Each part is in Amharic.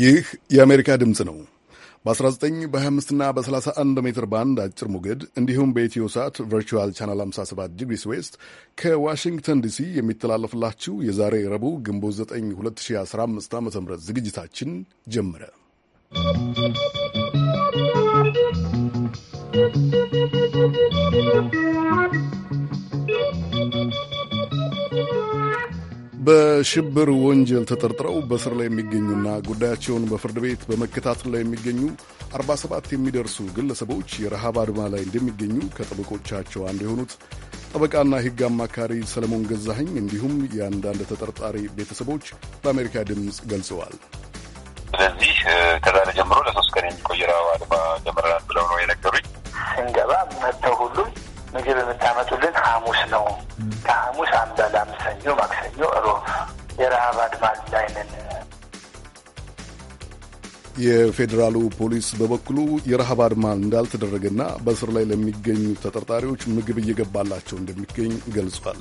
ይህ የአሜሪካ ድምፅ ነው። በ19 በ25ና በ31 ሜትር ባንድ አጭር ሞገድ እንዲሁም በኢትዮ ሰዓት ቨርቹዋል ቻናል 57 ዲግሪስ ዌስት ከዋሽንግተን ዲሲ የሚተላለፍላችሁ የዛሬ ረቡዕ ግንቦት 9 2015 ዓ ም ዝግጅታችን ጀመረ። ¶¶ በሽብር ወንጀል ተጠርጥረው በስር ላይ የሚገኙና ጉዳያቸውን በፍርድ ቤት በመከታተል ላይ የሚገኙ 47 የሚደርሱ ግለሰቦች የረሃብ አድማ ላይ እንደሚገኙ ከጠበቆቻቸው አንዱ የሆኑት ጠበቃና ሕግ አማካሪ ሰለሞን ገዛኸኝ እንዲሁም የአንዳንድ ተጠርጣሪ ቤተሰቦች በአሜሪካ ድምፅ ገልጸዋል። ስለዚህ ከዛሬ ጀምሮ ለሶስት ቀን የሚቆይ ረሃብ አድማ ጀምረናል ብለው ነው የነገሩኝ። ስንገባ መጥተው ሁሉም ምግብ የምታመጡልን ሐሙስ ነው። ከሐሙስ አንበላም። ሰኞ፣ ማክሰኞ፣ ሮብ የረሃብ አድማ ላይ ነን የፌዴራሉ ፖሊስ በበኩሉ የረሃብ አድማ እንዳልተደረገና በእስር ላይ ለሚገኙ ተጠርጣሪዎች ምግብ እየገባላቸው እንደሚገኝ ገልጿል።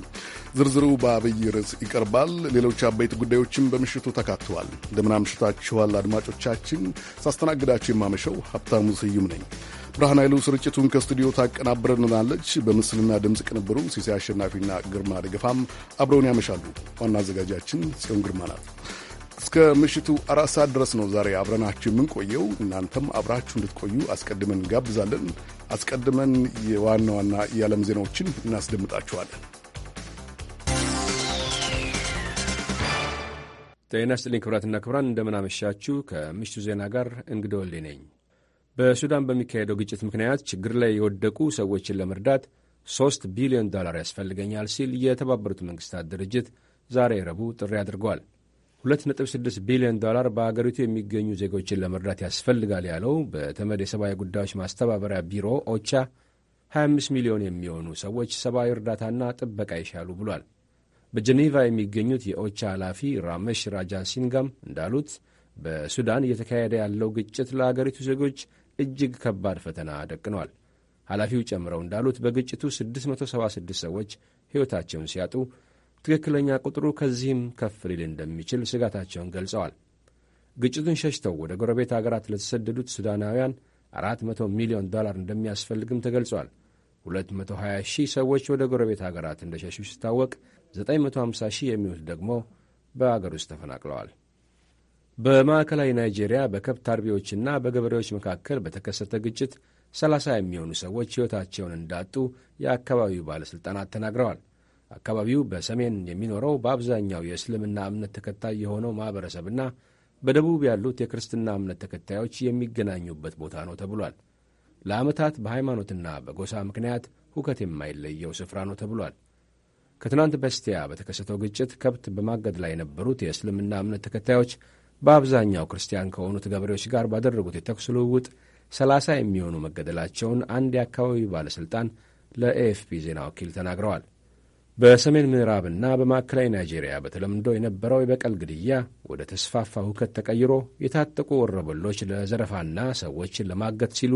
ዝርዝሩ በአብይ ርዕስ ይቀርባል። ሌሎች አበይት ጉዳዮችም በምሽቱ ተካተዋል። እንደምናምሽታችኋል አድማጮቻችን። ሳስተናግዳችሁ የማመሸው ሀብታሙ ስዩም ነኝ። ብርሃን ኃይሉ ስርጭቱን ከስቱዲዮ ታቀናብረንናለች። በምስልና ድምፅ ቅንብሩ ሲሴ አሸናፊና ግርማ ደገፋም አብረውን ያመሻሉ። ዋና አዘጋጃችን ጽዮን ግርማ ናት። እስከ ምሽቱ አራት ሰዓት ድረስ ነው ዛሬ አብረናችሁ የምንቆየው። እናንተም አብራችሁ እንድትቆዩ አስቀድመን ጋብዛለን። አስቀድመን የዋና ዋና የዓለም ዜናዎችን እናስደምጣችኋለን። ጤና ስጥልኝ ክብራትና ክብራን፣ እንደምናመሻችሁ። ከምሽቱ ዜና ጋር እንግዳ ወልዴ ነኝ። በሱዳን በሚካሄደው ግጭት ምክንያት ችግር ላይ የወደቁ ሰዎችን ለመርዳት 3 ቢሊዮን ዶላር ያስፈልገኛል ሲል የተባበሩት መንግስታት ድርጅት ዛሬ ረቡዕ ጥሪ አድርጓል። 2.6 ቢሊዮን ዶላር በአገሪቱ የሚገኙ ዜጎችን ለመርዳት ያስፈልጋል ያለው በተመድ የሰብአዊ ጉዳዮች ማስተባበሪያ ቢሮ ኦቻ 25 ሚሊዮን የሚሆኑ ሰዎች ሰብአዊ እርዳታና ጥበቃ ይሻሉ ብሏል። በጀኔቫ የሚገኙት የኦቻ ኃላፊ ራመሽ ራጃ ሲንጋም እንዳሉት በሱዳን እየተካሄደ ያለው ግጭት ለአገሪቱ ዜጎች እጅግ ከባድ ፈተና ደቅኗል። ኃላፊው ጨምረው እንዳሉት በግጭቱ 676 ሰዎች ሕይወታቸውን ሲያጡ ትክክለኛ ቁጥሩ ከዚህም ከፍ ሊል እንደሚችል ስጋታቸውን ገልጸዋል። ግጭቱን ሸሽተው ወደ ጎረቤት አገራት ለተሰደዱት ሱዳናውያን 400 ሚሊዮን ዶላር እንደሚያስፈልግም ተገልጿል። 220 ሺህ ሰዎች ወደ ጎረቤት አገራት ሸሹ ሲታወቅ 950 ሺህ የሚሆኑት ደግሞ በአገር ውስጥ ተፈናቅለዋል። በማዕከላዊ ናይጄሪያ በከብት አርቢዎችና በገበሬዎች መካከል በተከሰተ ግጭት 30 የሚሆኑ ሰዎች ሕይወታቸውን እንዳጡ የአካባቢው ባለሥልጣናት ተናግረዋል። አካባቢው በሰሜን የሚኖረው በአብዛኛው የእስልምና እምነት ተከታይ የሆነው ማኅበረሰብና በደቡብ ያሉት የክርስትና እምነት ተከታዮች የሚገናኙበት ቦታ ነው ተብሏል። ለዓመታት በሃይማኖትና በጎሳ ምክንያት ሁከት የማይለየው ስፍራ ነው ተብሏል። ከትናንት በስቲያ በተከሰተው ግጭት ከብት በማገድ ላይ የነበሩት የእስልምና እምነት ተከታዮች በአብዛኛው ክርስቲያን ከሆኑት ገበሬዎች ጋር ባደረጉት የተኩስ ልውውጥ ሰላሳ የሚሆኑ መገደላቸውን አንድ የአካባቢው ባለሥልጣን ለኤኤፍፒ ዜና ወኪል ተናግረዋል። በሰሜን ምዕራብና በማዕከላዊ ናይጄሪያ በተለምዶ የነበረው የበቀል ግድያ ወደ ተስፋፋ ሁከት ተቀይሮ የታጠቁ ወረበሎች ለዘረፋና ሰዎችን ለማገት ሲሉ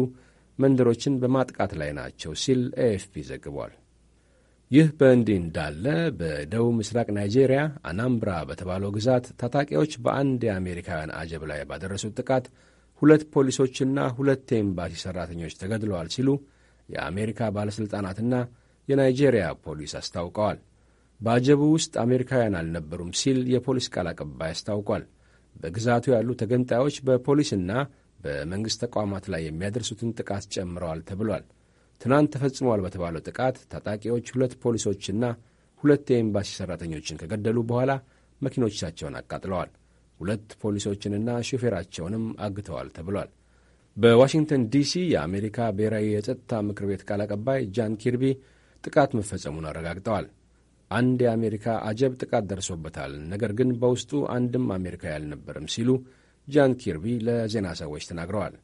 መንደሮችን በማጥቃት ላይ ናቸው ሲል ኤኤፍፒ ዘግቧል። ይህ በእንዲህ እንዳለ በደቡብ ምስራቅ ናይጄሪያ አናምብራ በተባለው ግዛት ታጣቂዎች በአንድ የአሜሪካውያን አጀብ ላይ ባደረሱት ጥቃት ሁለት ፖሊሶችና ሁለት የኤምባሲ ሠራተኞች ተገድለዋል ሲሉ የአሜሪካ ባለሥልጣናትና የናይጄሪያ ፖሊስ አስታውቀዋል። በአጀቡ ውስጥ አሜሪካውያን አልነበሩም ሲል የፖሊስ ቃል አቀባይ አስታውቋል። በግዛቱ ያሉ ተገንጣዮች በፖሊስና በመንግሥት ተቋማት ላይ የሚያደርሱትን ጥቃት ጨምረዋል ተብሏል። ትናንት ተፈጽሟል በተባለው ጥቃት ታጣቂዎች ሁለት ፖሊሶችና ሁለት የኤምባሲ ሠራተኞችን ከገደሉ በኋላ መኪኖቻቸውን አቃጥለዋል። ሁለት ፖሊሶችንና ሾፌራቸውንም አግተዋል ተብሏል። በዋሽንግተን ዲሲ የአሜሪካ ብሔራዊ የጸጥታ ምክር ቤት ቃል አቀባይ ጃን ኪርቢ ጥቃት መፈጸሙን አረጋግጠዋል። አንድ የአሜሪካ አጀብ ጥቃት ደርሶበታል፣ ነገር ግን በውስጡ አንድም አሜሪካዊ አልነበረም ሲሉ ጃን ኪርቢ ለዜና ሰዎች ተናግረዋል።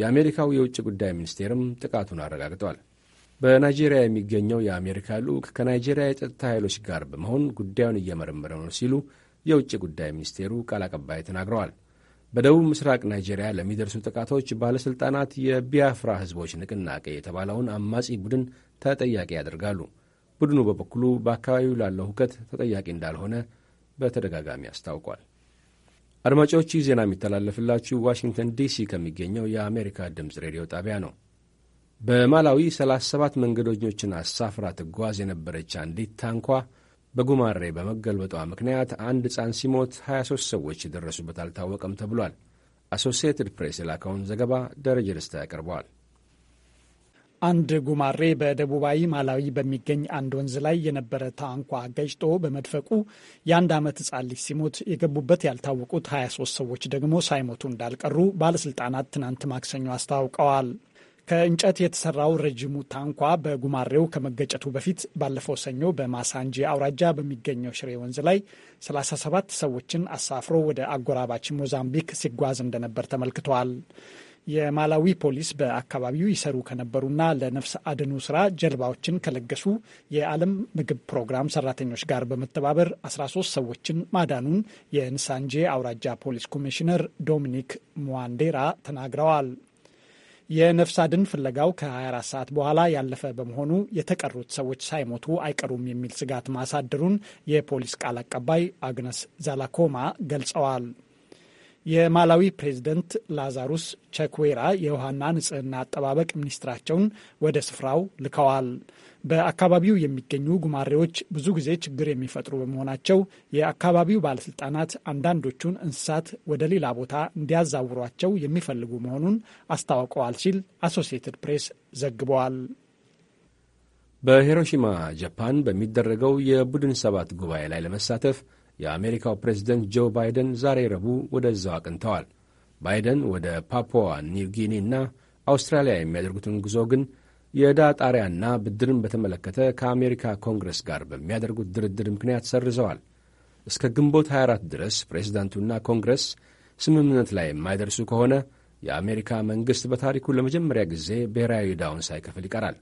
የአሜሪካው የውጭ ጉዳይ ሚኒስቴርም ጥቃቱን አረጋግጧል። በናይጄሪያ የሚገኘው የአሜሪካ ልዑክ ከናይጄሪያ የጸጥታ ኃይሎች ጋር በመሆን ጉዳዩን እየመረመረ ነው ሲሉ የውጭ ጉዳይ ሚኒስቴሩ ቃል አቀባይ ተናግረዋል። በደቡብ ምስራቅ ናይጄሪያ ለሚደርሱ ጥቃቶች ባለሥልጣናት የቢያፍራ ሕዝቦች ንቅናቄ የተባለውን አማጺ ቡድን ተጠያቂ ያደርጋሉ። ቡድኑ በበኩሉ በአካባቢው ላለው ሁከት ተጠያቂ እንዳልሆነ በተደጋጋሚ አስታውቋል። አድማጮች ይህ ዜና የሚተላለፍላችሁ ዋሽንግተን ዲሲ ከሚገኘው የአሜሪካ ድምፅ ሬዲዮ ጣቢያ ነው። በማላዊ 37 መንገደኞችን አሳፍራ ትጓዝ የነበረች አንዲት ታንኳ በጉማሬ በመገልበጧ ምክንያት አንድ ሕፃን ሲሞት 23 ሰዎች የደረሱበት አልታወቀም ተብሏል። አሶሲየትድ ፕሬስ የላከውን ዘገባ ደረጀ ደስታ ያቀርበዋል። አንድ ጉማሬ በደቡባዊ ማላዊ በሚገኝ አንድ ወንዝ ላይ የነበረ ታንኳ ገጭቶ በመድፈቁ የአንድ ዓመት ህጻን ልጅ ሲሞት የገቡበት ያልታወቁት 23 ሰዎች ደግሞ ሳይሞቱ እንዳልቀሩ ባለስልጣናት ትናንት ማክሰኞ አስታውቀዋል። ከእንጨት የተሰራው ረዥሙ ታንኳ በጉማሬው ከመገጨቱ በፊት ባለፈው ሰኞ በማሳንጂ አውራጃ በሚገኘው ሽሬ ወንዝ ላይ 37 ሰዎችን አሳፍሮ ወደ አጎራባች ሞዛምቢክ ሲጓዝ እንደነበር ተመልክቷል። የማላዊ ፖሊስ በአካባቢው ይሰሩ ከነበሩና ለነፍስ አድኑ ስራ ጀልባዎችን ከለገሱ የዓለም ምግብ ፕሮግራም ሰራተኞች ጋር በመተባበር 13 ሰዎችን ማዳኑን የንሳንጄ አውራጃ ፖሊስ ኮሚሽነር ዶሚኒክ ሙዋንዴራ ተናግረዋል። የነፍስ አድን ፍለጋው ከ24 ሰዓት በኋላ ያለፈ በመሆኑ የተቀሩት ሰዎች ሳይሞቱ አይቀሩም የሚል ስጋት ማሳደሩን የፖሊስ ቃል አቀባይ አግነስ ዛላኮማ ገልጸዋል። የማላዊ ፕሬዝደንት ላዛሩስ ቸኩዌራ የውሃና ንጽህና አጠባበቅ ሚኒስትራቸውን ወደ ስፍራው ልከዋል። በአካባቢው የሚገኙ ጉማሬዎች ብዙ ጊዜ ችግር የሚፈጥሩ በመሆናቸው የአካባቢው ባለስልጣናት አንዳንዶቹን እንስሳት ወደ ሌላ ቦታ እንዲያዛውሯቸው የሚፈልጉ መሆኑን አስታውቀዋል ሲል አሶሲየትድ ፕሬስ ዘግበዋል። በሂሮሺማ ጃፓን በሚደረገው የቡድን ሰባት ጉባኤ ላይ ለመሳተፍ የአሜሪካው ፕሬዝደንት ጆ ባይደን ዛሬ ረቡዕ ወደዛው አቅንተዋል። ባይደን ወደ ፓፑዋ ኒውጊኒ እና አውስትራሊያ የሚያደርጉትን ጉዞ ግን የዕዳ ጣሪያና ብድርን በተመለከተ ከአሜሪካ ኮንግረስ ጋር በሚያደርጉት ድርድር ምክንያት ሰርዘዋል። እስከ ግንቦት 24 ድረስ ፕሬዚዳንቱና ኮንግረስ ስምምነት ላይ የማይደርሱ ከሆነ የአሜሪካ መንግሥት በታሪኩ ለመጀመሪያ ጊዜ ብሔራዊ ዕዳውን ሳይከፍል ይቀራል።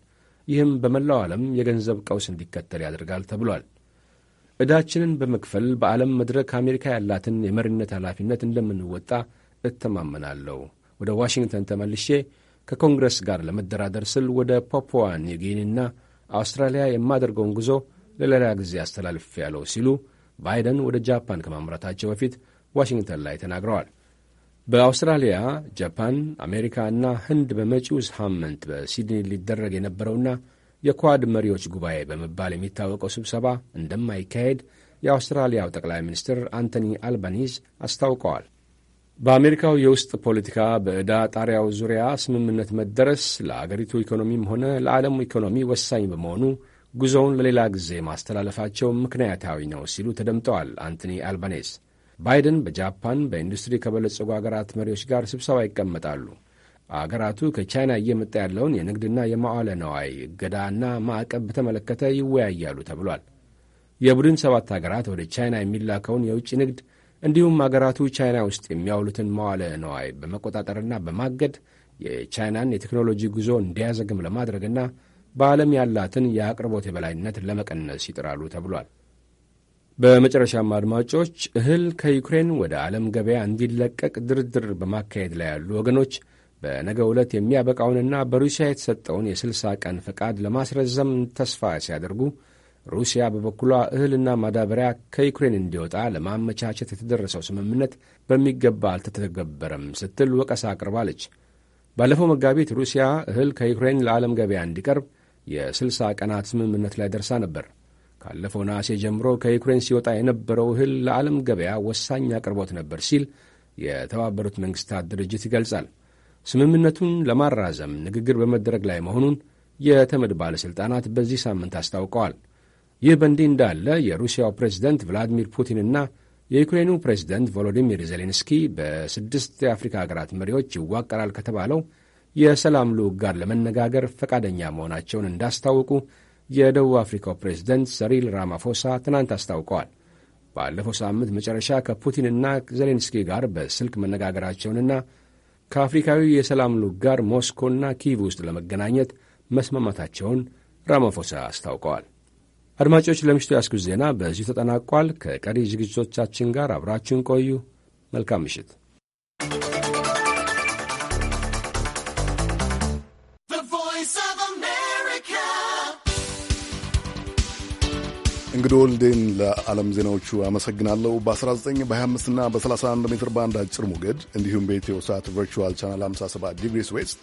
ይህም በመላው ዓለም የገንዘብ ቀውስ እንዲከተል ያደርጋል ተብሏል። ዕዳችንን በመክፈል በዓለም መድረክ አሜሪካ ያላትን የመሪነት ኃላፊነት እንደምንወጣ እተማመናለሁ። ወደ ዋሽንግተን ተመልሼ ከኮንግረስ ጋር ለመደራደር ስል ወደ ፓፑዋ ኒውጊኒና አውስትራሊያ የማደርገውን ጉዞ ለሌላ ጊዜ አስተላልፍ ያለው ሲሉ ባይደን ወደ ጃፓን ከማምራታቸው በፊት ዋሽንግተን ላይ ተናግረዋል። በአውስትራሊያ፣ ጃፓን፣ አሜሪካ እና ህንድ በመጪው ሳምንት በሲድኒ ሊደረግ የነበረውና የኳድ መሪዎች ጉባኤ በመባል የሚታወቀው ስብሰባ እንደማይካሄድ የአውስትራሊያው ጠቅላይ ሚኒስትር አንቶኒ አልባኒዝ አስታውቀዋል። በአሜሪካው የውስጥ ፖለቲካ በዕዳ ጣሪያው ዙሪያ ስምምነት መደረስ ለአገሪቱ ኢኮኖሚም ሆነ ለዓለሙ ኢኮኖሚ ወሳኝ በመሆኑ ጉዞውን ለሌላ ጊዜ ማስተላለፋቸው ምክንያታዊ ነው ሲሉ ተደምጠዋል አንቶኒ አልባኔዝ። ባይደን በጃፓን በኢንዱስትሪ ከበለጸጉ አገራት መሪዎች ጋር ስብሰባ ይቀመጣሉ። አገራቱ ከቻይና እየመጣ ያለውን የንግድና የመዋለ ነዋይ እገዳና ማዕቀብ በተመለከተ ይወያያሉ ተብሏል። የቡድን ሰባት አገራት ወደ ቻይና የሚላከውን የውጭ ንግድ እንዲሁም አገራቱ ቻይና ውስጥ የሚያውሉትን መዋለ ነዋይ በመቆጣጠርና በማገድ የቻይናን የቴክኖሎጂ ጉዞ እንዲያዘግም ለማድረግና በዓለም ያላትን የአቅርቦት የበላይነት ለመቀነስ ይጥራሉ ተብሏል። በመጨረሻም አድማጮች እህል ከዩክሬን ወደ ዓለም ገበያ እንዲለቀቅ ድርድር በማካሄድ ላይ ያሉ ወገኖች በነገ ዕለት የሚያበቃውንና በሩሲያ የተሰጠውን የ60 ቀን ፈቃድ ለማስረዘም ተስፋ ሲያደርጉ ሩሲያ በበኩሏ እህልና ማዳበሪያ ከዩክሬን እንዲወጣ ለማመቻቸት የተደረሰው ስምምነት በሚገባ አልተተገበረም ስትል ወቀሳ አቅርባለች። ባለፈው መጋቢት ሩሲያ እህል ከዩክሬን ለዓለም ገበያ እንዲቀርብ የ60 ቀናት ስምምነት ላይ ደርሳ ነበር። ካለፈው ነሐሴ ጀምሮ ከዩክሬን ሲወጣ የነበረው እህል ለዓለም ገበያ ወሳኝ አቅርቦት ነበር ሲል የተባበሩት መንግሥታት ድርጅት ይገልጻል። ስምምነቱን ለማራዘም ንግግር በመደረግ ላይ መሆኑን የተመድ ባለሥልጣናት በዚህ ሳምንት አስታውቀዋል። ይህ በእንዲህ እንዳለ የሩሲያው ፕሬዝደንት ቭላዲሚር ፑቲንና የዩክሬኑ ፕሬዝደንት ቮሎዲሚር ዜሌንስኪ በስድስት የአፍሪካ ሀገራት መሪዎች ይዋቀራል ከተባለው የሰላም ልዑክ ጋር ለመነጋገር ፈቃደኛ መሆናቸውን እንዳስታወቁ የደቡብ አፍሪካው ፕሬዝደንት ሰሪል ራማፎሳ ትናንት አስታውቀዋል። ባለፈው ሳምንት መጨረሻ ከፑቲንና ዜሌንስኪ ጋር በስልክ መነጋገራቸውንና ከአፍሪካዊ የሰላም ልዑክ ጋር ሞስኮና ኪቭ ውስጥ ለመገናኘት መስማማታቸውን ራማፎሳ አስታውቀዋል። አድማጮች፣ ለምሽቱ ያስኩት ዜና በዚሁ ተጠናቋል። ከቀሪ ዝግጅቶቻችን ጋር አብራችሁን ቆዩ። መልካም ምሽት። እንግዲህ ወልዴን ለዓለም ዜናዎቹ አመሰግናለሁ። በ19 በ25 እና በ31 ሜትር ባንድ አጭር ሞገድ እንዲሁም በኢትዮ ሳት ቨርቹዋል ቻናል 57 ዲግሪስ ዌስት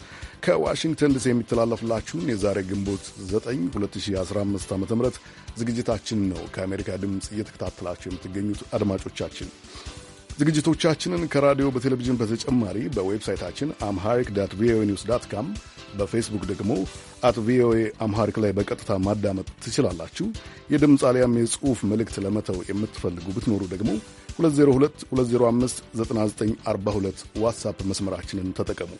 ከዋሽንግተን ዲሲ የሚተላለፍላችሁን የዛሬ ግንቦት 9 2015 ዓ ም ዝግጅታችን ነው ከአሜሪካ ድምፅ እየተከታተላችሁ የምትገኙት አድማጮቻችን ዝግጅቶቻችንን ከራዲዮ በቴሌቪዥን በተጨማሪ በዌብሳይታችን አምሃሪክ ዳት ቪኦኤ ኒውስ ዳት ካም፣ በፌስቡክ ደግሞ አት ቪኦኤ አምሃሪክ ላይ በቀጥታ ማዳመጥ ትችላላችሁ። የድምፅ አሊያም የጽሑፍ መልእክት ለመተው የምትፈልጉ ብትኖሩ ደግሞ 2022059942 ዋትሳፕ መስመራችንን ተጠቀሙ።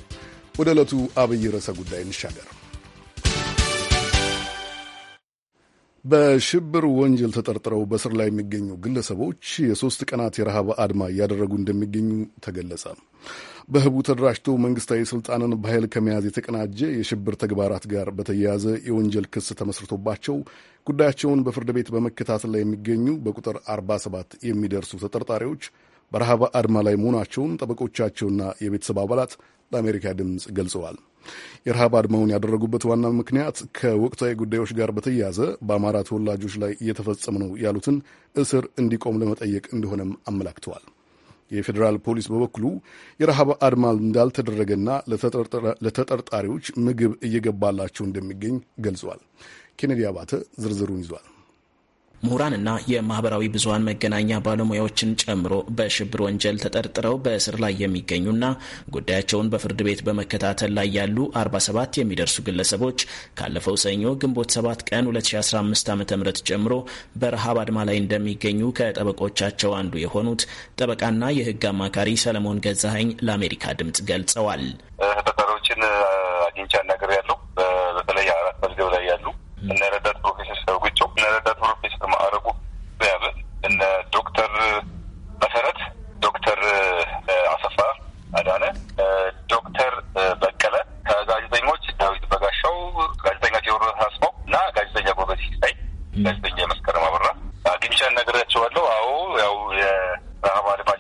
ወደ ዕለቱ አብይ ርዕሰ ጉዳይ እንሻገር። በሽብር ወንጀል ተጠርጥረው በስር ላይ የሚገኙ ግለሰቦች የሶስት ቀናት የረሃብ አድማ እያደረጉ እንደሚገኙ ተገለጸ። በህቡ ተደራጅቶ መንግስታዊ ስልጣንን በኃይል ከመያዝ የተቀናጀ የሽብር ተግባራት ጋር በተያያዘ የወንጀል ክስ ተመስርቶባቸው ጉዳያቸውን በፍርድ ቤት በመከታተል ላይ የሚገኙ በቁጥር 47 የሚደርሱ ተጠርጣሪዎች በረሃብ አድማ ላይ መሆናቸውን ጠበቆቻቸውና የቤተሰብ አባላት ለአሜሪካ ድምፅ ገልጸዋል። የረሃብ አድማውን ያደረጉበት ዋና ምክንያት ከወቅታዊ ጉዳዮች ጋር በተያያዘ በአማራ ተወላጆች ላይ እየተፈጸመ ነው ያሉትን እስር እንዲቆም ለመጠየቅ እንደሆነም አመላክተዋል። የፌዴራል ፖሊስ በበኩሉ የረሃብ አድማ እንዳልተደረገና ለተጠርጣሪዎች ምግብ እየገባላቸው እንደሚገኝ ገልጿል። ኬኔዲ አባተ ዝርዝሩን ይዟል። ምሁራንና የማህበራዊ ብዙሀን መገናኛ ባለሙያዎችን ጨምሮ በሽብር ወንጀል ተጠርጥረው በእስር ላይ የሚገኙና ጉዳያቸውን በፍርድ ቤት በመከታተል ላይ ያሉ 47 የሚደርሱ ግለሰቦች ካለፈው ሰኞ ግንቦት 7 ቀን 2015 ዓ ም ጀምሮ በረሃብ አድማ ላይ እንደሚገኙ ከጠበቆቻቸው አንዱ የሆኑት ጠበቃና የህግ አማካሪ ሰለሞን ገዛኸኝ ለአሜሪካ ድምጽ ገልጸዋል። ተጠሪዎችን አግኝቼ አናግሬያለሁ። በተለይ አራት መዝገብ ላይ ያሉ እነ ረዳት ረዳት ፕሮፌሰር ማዕረጉ በያበ፣ እነ ዶክተር መሰረት፣ ዶክተር አሰፋ አዳነ፣ ዶክተር በቀለ ከጋዜጠኞች ዳዊት በጋሻው፣ ጋዜጠኛ ቴዎድሮስ አስማው እና ጋዜጠኛ ጎበዝ ሲሳይ፣ ጋዜጠኛ መስከረም አበራ አግኝቻ እነግራቸዋለሁ። አዎ ያው የረሃብ አድማ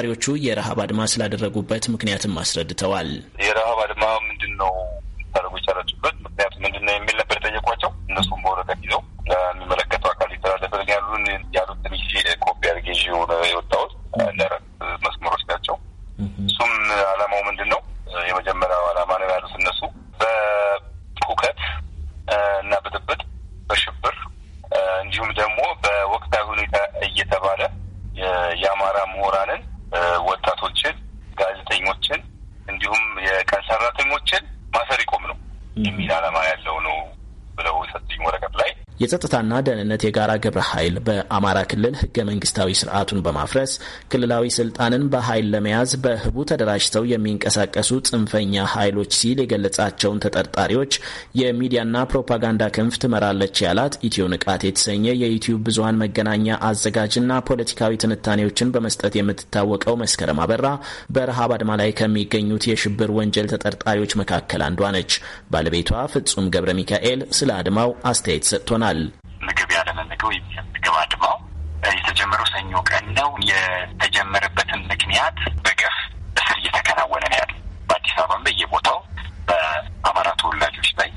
ተማሪዎቹ የረሃብ አድማ ስላደረጉበት ምክንያትም አስረድተዋል። የረሃብ አድማ ምንድን ነው ታደረጉ የቻላችሁበት ምክንያቱ ምንድን ነው የሚል የጸጥታና ደህንነት የጋራ ግብረ ኃይል በአማራ ክልል ህገ መንግስታዊ ስርዓቱን በማፍረስ ክልላዊ ስልጣንን በኃይል ለመያዝ በህቡ ተደራጅተው የሚንቀሳቀሱ ጽንፈኛ ኃይሎች ሲል የገለጻቸውን ተጠርጣሪዎች የሚዲያና ፕሮፓጋንዳ ክንፍ ትመራለች ያላት ኢትዮ ንቃት የተሰኘ የዩትዩብ ብዙሀን መገናኛ አዘጋጅና ፖለቲካዊ ትንታኔዎችን በመስጠት የምትታወቀው መስከረም አበራ በረሃብ አድማ ላይ ከሚገኙት የሽብር ወንጀል ተጠርጣሪዎች መካከል አንዷ ነች። ባለቤቷ ፍጹም ገብረ ሚካኤል ስለ አድማው አስተያየት ሰጥቶናል። ተደርገው የምግብ አድማው የተጀመረው ሰኞ ቀን ነው። የተጀመረበትን ምክንያት በገፍ እስር እየተከናወነ ነው ያለ በአዲስ አበባም በየቦታው በአማራ ተወላጆች ላይ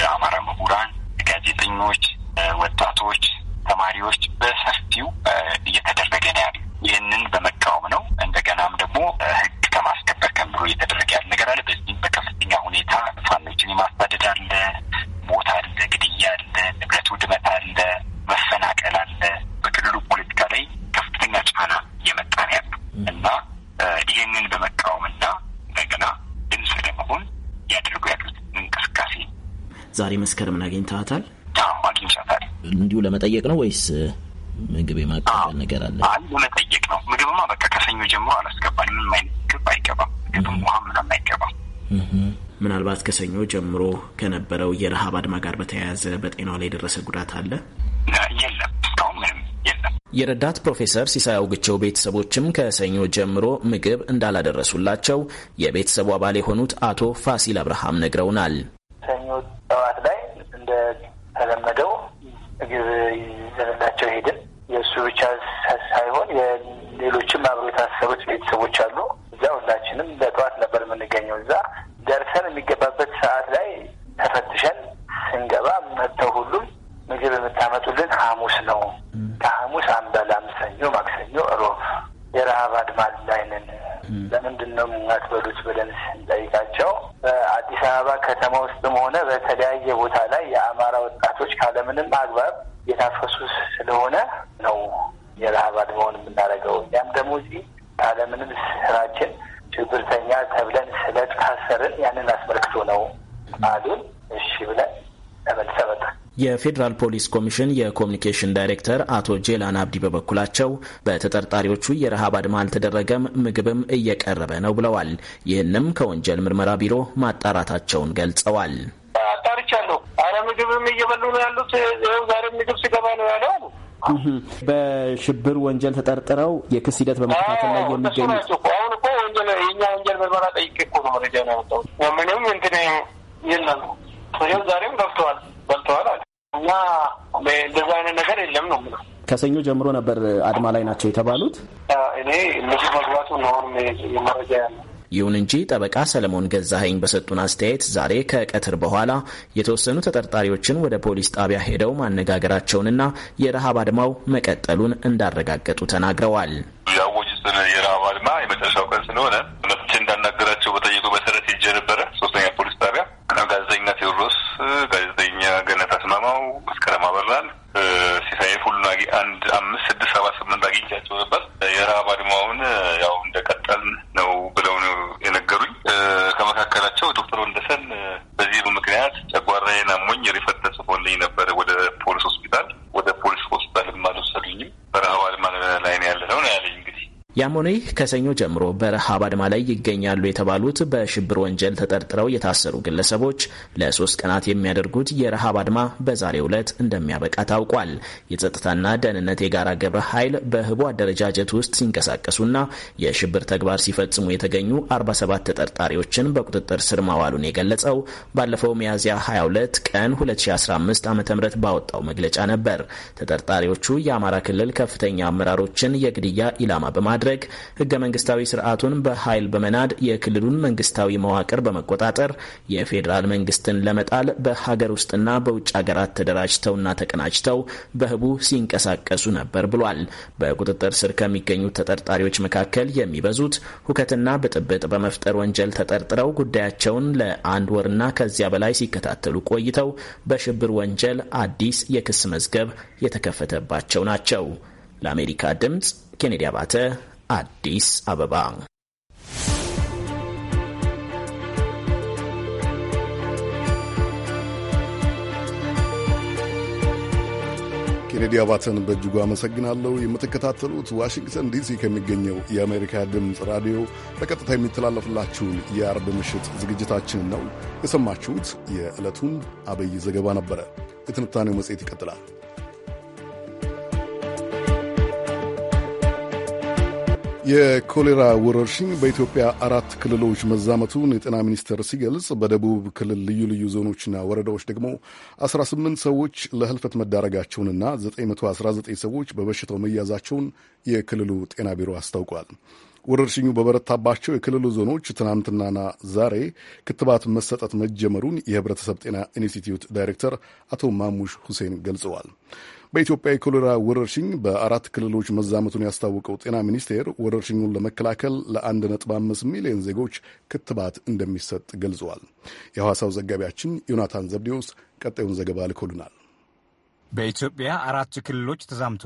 በአማራ ምሁራን፣ ጋዜጠኞች፣ ወጣቶች፣ ተማሪዎች በሰፊው እየተደረገ ነው ያለ። ይህንን በመቃወም ነው። እንደገናም ደግሞ ህግ ከማስከበር ከምብሎ እየተደረገ ያለ ነገር አለ። በዚህም በከፍተኛ ሁኔታ ፋኖችን የማስታደድ አለ፣ ሞት አለ፣ ግድያ አለ፣ ንብረት ውድመት ነገር አለ በክልሉ ፖለቲካ ላይ ከፍተኛ ጫና እየመጣ ነው ያለው እና ይህንን በመቃወም እና እንደገና ድምፅ ለመሆን ያደርጉ ያሉት እንቅስቃሴ ዛሬ መስከረምን አግኝተሃታል? አግኝቻታል። እንዲሁ ለመጠየቅ ነው ወይስ ምግብ የማቀበል ነገር አለ? አይ ለመጠየቅ ነው። ምግብማ በቃ ከሰኞ ጀምሮ አላስገባል። ምንም አይነት ምግብ አይገባም። ምግብም ውሃ ምናምን አይገባም። ምናልባት ከሰኞ ጀምሮ ከነበረው የረሃብ አድማ ጋር በተያያዘ በጤናው ላይ የደረሰ ጉዳት አለ? የለም የረዳት ፕሮፌሰር ሲሳያው ግቸው ቤተሰቦችም ከሰኞ ጀምሮ ምግብ እንዳላደረሱላቸው የቤተሰቡ አባል የሆኑት አቶ ፋሲል አብርሃም ነግረውናል። ሰኞ ጠዋት ላይ እንደተለመደው ምግብ ይዘንላቸው ሄድን። የእሱ ብቻ ሳይሆን የሌሎችም አብሮ የታሰሩት ቤተሰቦች አሉ። እዛ ሁላችንም በጠዋት ነበር የምንገኘው። እዛ ደርሰን የሚገባበት ሰዓት ላይ ተፈትሸን ስንገባ መጥተው ሁሉም ምግብ የምታመጡልን ሐሙስ ነው። ከሐሙስ አንበላም። ሰኞ፣ ማክሰኞ፣ ሮብ የረሀብ አድማ ላይ ነን። ለምንድን ነው የማትበሉት ብለን ስንጠይቃቸው በአዲስ አበባ ከተማ ውስጥም ሆነ በተለያየ ቦታ ላይ የአማራ ወጣቶች ካለምንም አግባብ የታፈሱ ስለሆነ ነው የረሀብ አድማውን የምናደርገው። ያም ደግሞ እዚህ ካለምንም ስራችን ችግርተኛ ተብለን ስለ ታሰርን ያንን አስመልክቶ ነው አሉን። እሺ ብለን ተመልሰ መጣን። የፌዴራል ፖሊስ ኮሚሽን የኮሚኒኬሽን ዳይሬክተር አቶ ጄላን አብዲ በበኩላቸው በተጠርጣሪዎቹ የረሃብ አድማ አልተደረገም፣ ምግብም እየቀረበ ነው ብለዋል። ይህንም ከወንጀል ምርመራ ቢሮ ማጣራታቸውን ገልጸዋል። አጣርቻለሁ። አረ ምግብም እየበሉ ነው ያሉት። ዛሬ ምግብ ሲገባ ነው ያለው በሽብር ወንጀል ተጠርጥረው የክስ ሂደት በመከታተል ላይ የሚገኙ አሁን እኮ ወንጀል የኛ ወንጀል ምርመራ ጠይቄ እኮ ነው መረጃ ነው ያወጣሁት። ምንም እንትን የለም። ዛሬም ገብተዋል በልተዋል አለ እና እንደዛ አይነት ነገር የለም ነው ምለው። ከሰኞ ጀምሮ ነበር አድማ ላይ ናቸው የተባሉት። እኔ እነዚህ መግባቱ ነሆን መረጃ ያለ ይሁን እንጂ ጠበቃ ሰለሞን ገዛኸኝ በሰጡን አስተያየት ዛሬ ከቀትር በኋላ የተወሰኑ ተጠርጣሪዎችን ወደ ፖሊስ ጣቢያ ሄደው ማነጋገራቸውንና የረሃብ አድማው መቀጠሉን እንዳረጋገጡ ተናግረዋል። ያወጁትን የረሃብ አድማ የመጨረሻው ቀን ስለሆነ መጥቼ እንዳናገራቸው በጠየቁ መሰረት ሄጄ ነበረ። የማይችሉበት የረሃብ አድማውን ያው ያም ሆነ ይህ ከሰኞ ጀምሮ በረሃብ አድማ ላይ ይገኛሉ የተባሉት በሽብር ወንጀል ተጠርጥረው የታሰሩ ግለሰቦች ለሶስት ቀናት የሚያደርጉት የረሃብ አድማ በዛሬው ዕለት እንደሚያበቃ ታውቋል። የጸጥታና ደህንነት የጋራ ግብረ ኃይል በህቡ አደረጃጀት ውስጥ ሲንቀሳቀሱና የሽብር ተግባር ሲፈጽሙ የተገኙ 47 ተጠርጣሪዎችን በቁጥጥር ስር ማዋሉን የገለጸው ባለፈው ሚያዝያ 22 ቀን 2015 ዓ ም ባወጣው መግለጫ ነበር። ተጠርጣሪዎቹ የአማራ ክልል ከፍተኛ አመራሮችን የግድያ ኢላማ በማድረግ በማድረግ ህገ መንግስታዊ ስርዓቱን በኃይል በመናድ የክልሉን መንግስታዊ መዋቅር በመቆጣጠር የፌዴራል መንግስትን ለመጣል በሀገር ውስጥና በውጭ ሀገራት ተደራጅተውና ተቀናጅተው በህቡ ሲንቀሳቀሱ ነበር ብሏል። በቁጥጥር ስር ከሚገኙ ተጠርጣሪዎች መካከል የሚበዙት ሁከትና ብጥብጥ በመፍጠር ወንጀል ተጠርጥረው ጉዳያቸውን ለአንድ ወርና ከዚያ በላይ ሲከታተሉ ቆይተው በሽብር ወንጀል አዲስ የክስ መዝገብ የተከፈተባቸው ናቸው። ለአሜሪካ ድምፅ ኬኔዲ አባተ አዲስ አበባ። ኬኔዲ አባተን በእጅጉ አመሰግናለሁ። የምትከታተሉት ዋሽንግተን ዲሲ ከሚገኘው የአሜሪካ ድምፅ ራዲዮ በቀጥታ የሚተላለፍላችሁን የአርብ ምሽት ዝግጅታችንን ነው የሰማችሁት። የዕለቱን አብይ ዘገባ ነበረ። የትንታኔው መጽሔት ይቀጥላል። የኮሌራ ወረርሽኝ በኢትዮጵያ አራት ክልሎች መዛመቱን የጤና ሚኒስቴር ሲገልጽ በደቡብ ክልል ልዩ ልዩ ዞኖችና ወረዳዎች ደግሞ 18 ሰዎች ለህልፈት መዳረጋቸውንና 919 ሰዎች በበሽታው መያዛቸውን የክልሉ ጤና ቢሮ አስታውቋል። ወረርሽኙ በበረታባቸው የክልሉ ዞኖች ትናንትናና ዛሬ ክትባት መሰጠት መጀመሩን የህብረተሰብ ጤና ኢንስቲትዩት ዳይሬክተር አቶ ማሙሽ ሁሴን ገልጸዋል። በኢትዮጵያ የኮሌራ ወረርሽኝ በአራት ክልሎች መዛመቱን ያስታወቀው ጤና ሚኒስቴር ወረርሽኙን ለመከላከል ለ1.5 ሚሊዮን ዜጎች ክትባት እንደሚሰጥ ገልጸዋል። የሐዋሳው ዘጋቢያችን ዮናታን ዘብዴዎስ ቀጣዩን ዘገባ ልኮልናል። በኢትዮጵያ አራት ክልሎች ተዛምቶ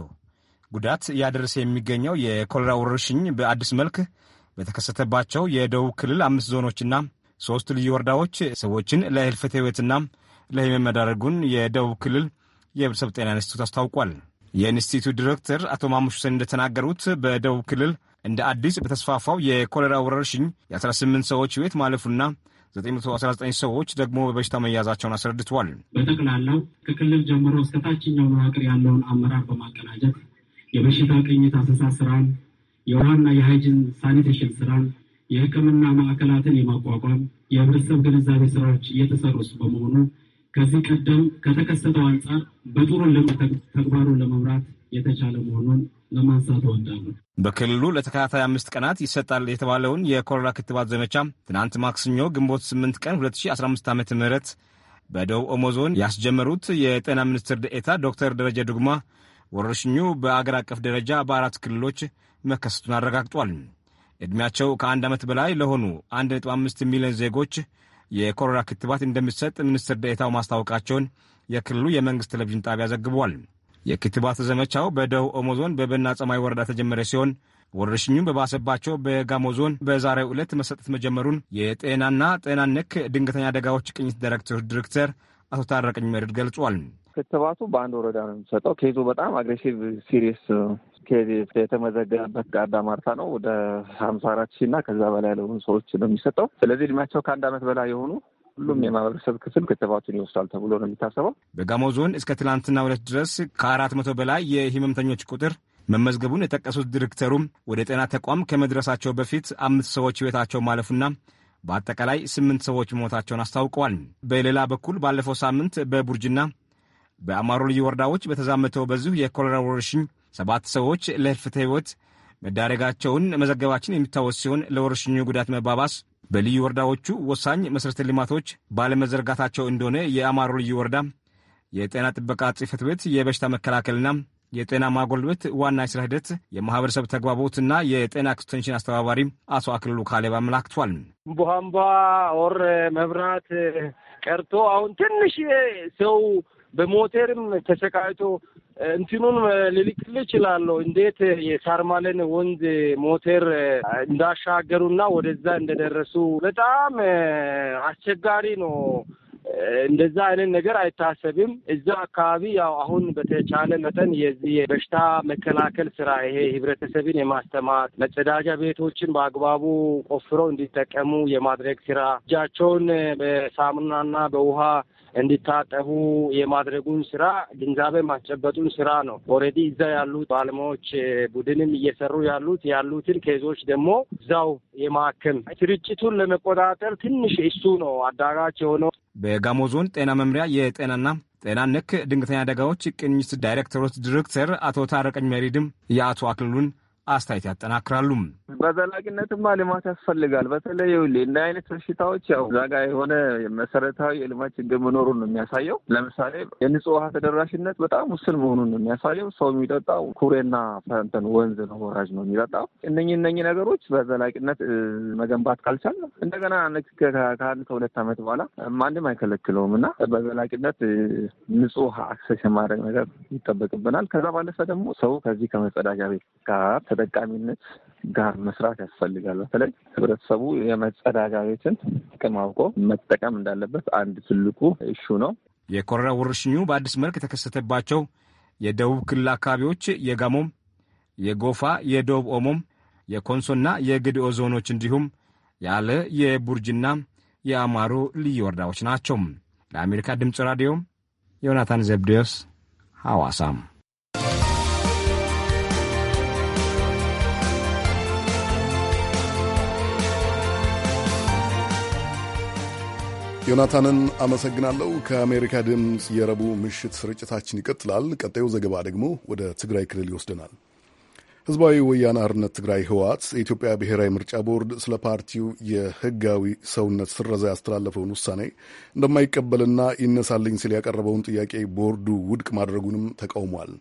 ጉዳት እያደረሰ የሚገኘው የኮሌራ ወረርሽኝ በአዲስ መልክ በተከሰተባቸው የደቡብ ክልል አምስት ዞኖችና ሶስት ልዩ ወረዳዎች ሰዎችን ለህልፈተ ህይወትና ለህመም መዳረጉን የደቡብ ክልል የህብረተሰብ ጤና ኢንስቲቱት አስታውቋል። የኢንስቲቱት ዲሬክተር አቶ ማሙሽ ሁሴን እንደተናገሩት በደቡብ ክልል እንደ አዲስ በተስፋፋው የኮሌራ ወረርሽኝ የ18 ሰዎች ህይወት ማለፉና 919 ሰዎች ደግሞ በበሽታ መያዛቸውን አስረድተዋል። በጠቅላላው ከክልል ጀምሮ እስከ ታችኛው መዋቅር ያለውን አመራር በማቀናጀት የበሽታ ቅኝት አሰሳ ስራን፣ የውሃና የሃይጅን ሳኒቴሽን ስራን፣ የህክምና ማዕከላትን የማቋቋም የህብረተሰብ ግንዛቤ ስራዎች እየተሰሩ በመሆኑ ከዚህ ቀደም ከተከሰተው አንጻር በጥሩ ተግባሩን ለመምራት የተቻለ መሆኑን ለማንሳት እወዳለሁ። በክልሉ ለተከታታይ አምስት ቀናት ይሰጣል የተባለውን የኮሮና ክትባት ዘመቻ ትናንት ማክሰኞ ግንቦት 8 ቀን 2015 ዓ ም በደቡብ ኦሞ ዞን ያስጀመሩት የጤና ሚኒስትር ደኤታ ዶክተር ደረጀ ዱግማ ወረርሽኙ በአገር አቀፍ ደረጃ በአራት ክልሎች መከሰቱን አረጋግጧል። ዕድሜያቸው ከአንድ ዓመት በላይ ለሆኑ 1.5 ሚሊዮን ዜጎች የኮሮና ክትባት እንደሚሰጥ ሚኒስትር ደኤታው ማስታወቃቸውን የክልሉ የመንግስት ቴሌቪዥን ጣቢያ ዘግቧል። የክትባት ዘመቻው በደቡብ ኦሞ ዞን በበና ጸማይ ወረዳ ተጀመረ ሲሆን ወረርሽኙን በባሰባቸው በጋሞ ዞን በዛሬው ዕለት መሰጠት መጀመሩን የጤናና ጤና ነክ ድንገተኛ አደጋዎች ቅኝት ዳይሬክተር ዲሬክተር አቶ ታረቀኝ መርድ ገልጿል። ክትባቱ በአንድ ወረዳ ነው የሚሰጠው። ኬዙ በጣም አግሬሲቭ ሲሪየስ የተመዘገበበት ዳዳ ማርታ ነው። ወደ ሀምሳ አራት ሺህ እና ከዛ በላይ ለሆኑ ሰዎች ነው የሚሰጠው። ስለዚህ እድሜያቸው ከአንድ ዓመት በላይ የሆኑ ሁሉም የማህበረሰብ ክፍል ክትባቱን ይወስዳል ተብሎ ነው የሚታሰበው። በጋሞ ዞን እስከ ትላንትና ሁለት ድረስ ከአራት መቶ በላይ የህመምተኞች ቁጥር መመዝገቡን የጠቀሱት ዲሬክተሩም ወደ ጤና ተቋም ከመድረሳቸው በፊት አምስት ሰዎች ህይወታቸው ማለፉና በአጠቃላይ ስምንት ሰዎች መሞታቸውን አስታውቀዋል። በሌላ በኩል ባለፈው ሳምንት በቡርጅና በአማሮ ልዩ ወረዳዎች በተዛመተው በዚሁ የኮሌራ ወረርሽኝ ሰባት ሰዎች ለህልፈተ ህይወት መዳረጋቸውን መዘገባችን የሚታወስ ሲሆን ለወረርሽኙ ጉዳት መባባስ በልዩ ወረዳዎቹ ወሳኝ መሠረተ ልማቶች ባለመዘርጋታቸው እንደሆነ የአማሮ ልዩ ወረዳ የጤና ጥበቃ ጽፈት ቤት የበሽታ መከላከልና የጤና ማጎልበት ዋና የስራ ሂደት የማህበረሰብ ተግባቦትና የጤና ኤክስቴንሽን አስተባባሪ አቶ አክልሉ ካሌብ አመላክቷል። ቧንቧ ወር መብራት ቀርቶ አሁን ትንሽ ሰው በሞቴርም ተሰቃይቶ እንትኑን ልልክልህ እችላለሁ። እንዴት የሳርማለን ወንዝ ሞተር እንዳሻገሩና ወደዛ እንደደረሱ በጣም አስቸጋሪ ነው። እንደዛ አይነት ነገር አይታሰብም። እዛ አካባቢ ያው አሁን በተቻለ መጠን የዚህ የበሽታ መከላከል ስራ ይሄ ህብረተሰብን የማስተማር መጸዳጃ ቤቶችን በአግባቡ ቆፍረው እንዲጠቀሙ የማድረግ ስራ እጃቸውን በሳሙናና በውሃ እንዲታጠቡ የማድረጉን ስራ ግንዛቤ ማስጨበጡን ስራ ነው። ኦልሬዲ እዛ ያሉት ባለሙያዎች ቡድንም እየሰሩ ያሉት ያሉትን ኬዞች ደግሞ እዛው የማከም ስርጭቱን ለመቆጣጠር ትንሽ እሱ ነው አዳጋች የሆነው። በጋሞ ዞን ጤና መምሪያ የጤናና ጤና ነክ ድንገተኛ አደጋዎች ቅንጅት ዳይሬክተሮች ዲሬክተር አቶ ታረቀኝ መሪድም የአቶ አክልሉን አስተያየት ያጠናክራሉ። በዘላቂነትማ ልማት ያስፈልጋል። በተለይ እንደ አይነት በሽታዎች ያው እዛ የሆነ መሰረታዊ የልማት ችግር መኖሩን ነው የሚያሳየው። ለምሳሌ የንጹህ ውሃ ተደራሽነት በጣም ውስን መሆኑን ነው የሚያሳየው። ሰው የሚጠጣው ኩሬና ፈንተን ወንዝ ነው፣ ወራጅ ነው የሚጠጣው። እነ እነኝ ነገሮች በዘላቂነት መገንባት ካልቻል እንደገና ከአንድ ከሁለት ዓመት በኋላ ማንም አይከለክለውም እና በዘላቂነት ንጹህ ውሃ አክሰስ የማድረግ ነገር ይጠበቅብናል። ከዛ ባለፈ ደግሞ ሰው ከዚህ ከመጸዳጃ ቤት ጋር ተጠቃሚነት ጋር መስራት ያስፈልጋል። በተለይ ህብረተሰቡ የመጸዳጃ ቤትን ጥቅም አውቆ መጠቀም እንዳለበት አንድ ትልቁ እሹ ነው። የኮሮና ወረርሽኙ በአዲስ መልክ የተከሰተባቸው የደቡብ ክልል አካባቢዎች የጋሞም፣ የጎፋ፣ የደቡብ ኦሞም፣ የኮንሶና የግዲኦ ዞኖች እንዲሁም ያለ የቡርጅና የአማሮ ልዩ ወረዳዎች ናቸው። ለአሜሪካ ድምፅ ራዲዮ ዮናታን ዘብዴዎስ ሐዋሳም ዮናታንን አመሰግናለሁ። ከአሜሪካ ድምፅ የረቡዕ ምሽት ስርጭታችን ይቀጥላል። ቀጣዩ ዘገባ ደግሞ ወደ ትግራይ ክልል ይወስደናል። ህዝባዊ ወያነ ሓርነት ትግራይ ህወሓት የኢትዮጵያ ብሔራዊ ምርጫ ቦርድ ስለ ፓርቲው የህጋዊ ሰውነት ስረዛ ያስተላለፈውን ውሳኔ እንደማይቀበልና ይነሳልኝ ሲል ያቀረበውን ጥያቄ ቦርዱ ውድቅ ማድረጉንም ተቃውሟል።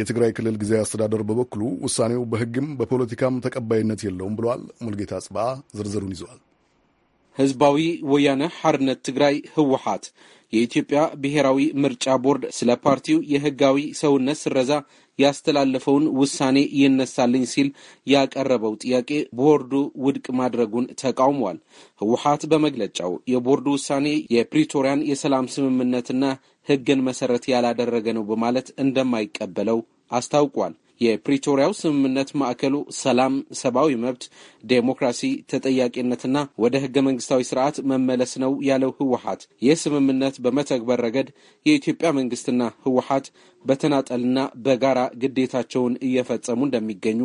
የትግራይ ክልል ጊዜያዊ አስተዳደር በበኩሉ ውሳኔው በህግም በፖለቲካም ተቀባይነት የለውም ብሏል። ሙልጌታ ጽባ ዝርዝሩን ይዘዋል። ህዝባዊ ወያነ ሐርነት ትግራይ ህወሓት የኢትዮጵያ ብሔራዊ ምርጫ ቦርድ ስለ ፓርቲው የህጋዊ ሰውነት ስረዛ ያስተላለፈውን ውሳኔ ይነሳልኝ ሲል ያቀረበው ጥያቄ ቦርዱ ውድቅ ማድረጉን ተቃውሟል። ህወሓት በመግለጫው የቦርዱ ውሳኔ የፕሪቶሪያን የሰላም ስምምነትና ህግን መሰረት ያላደረገ ነው በማለት እንደማይቀበለው አስታውቋል። የፕሪቶሪያው ስምምነት ማዕከሉ ሰላም፣ ሰብአዊ መብት፣ ዴሞክራሲ፣ ተጠያቂነትና ወደ ህገ መንግስታዊ ስርዓት መመለስ ነው ያለው ህወሀት ይህ ስምምነት በመተግበር ረገድ የኢትዮጵያ መንግስትና ህወሀት በተናጠልና በጋራ ግዴታቸውን እየፈጸሙ እንደሚገኙ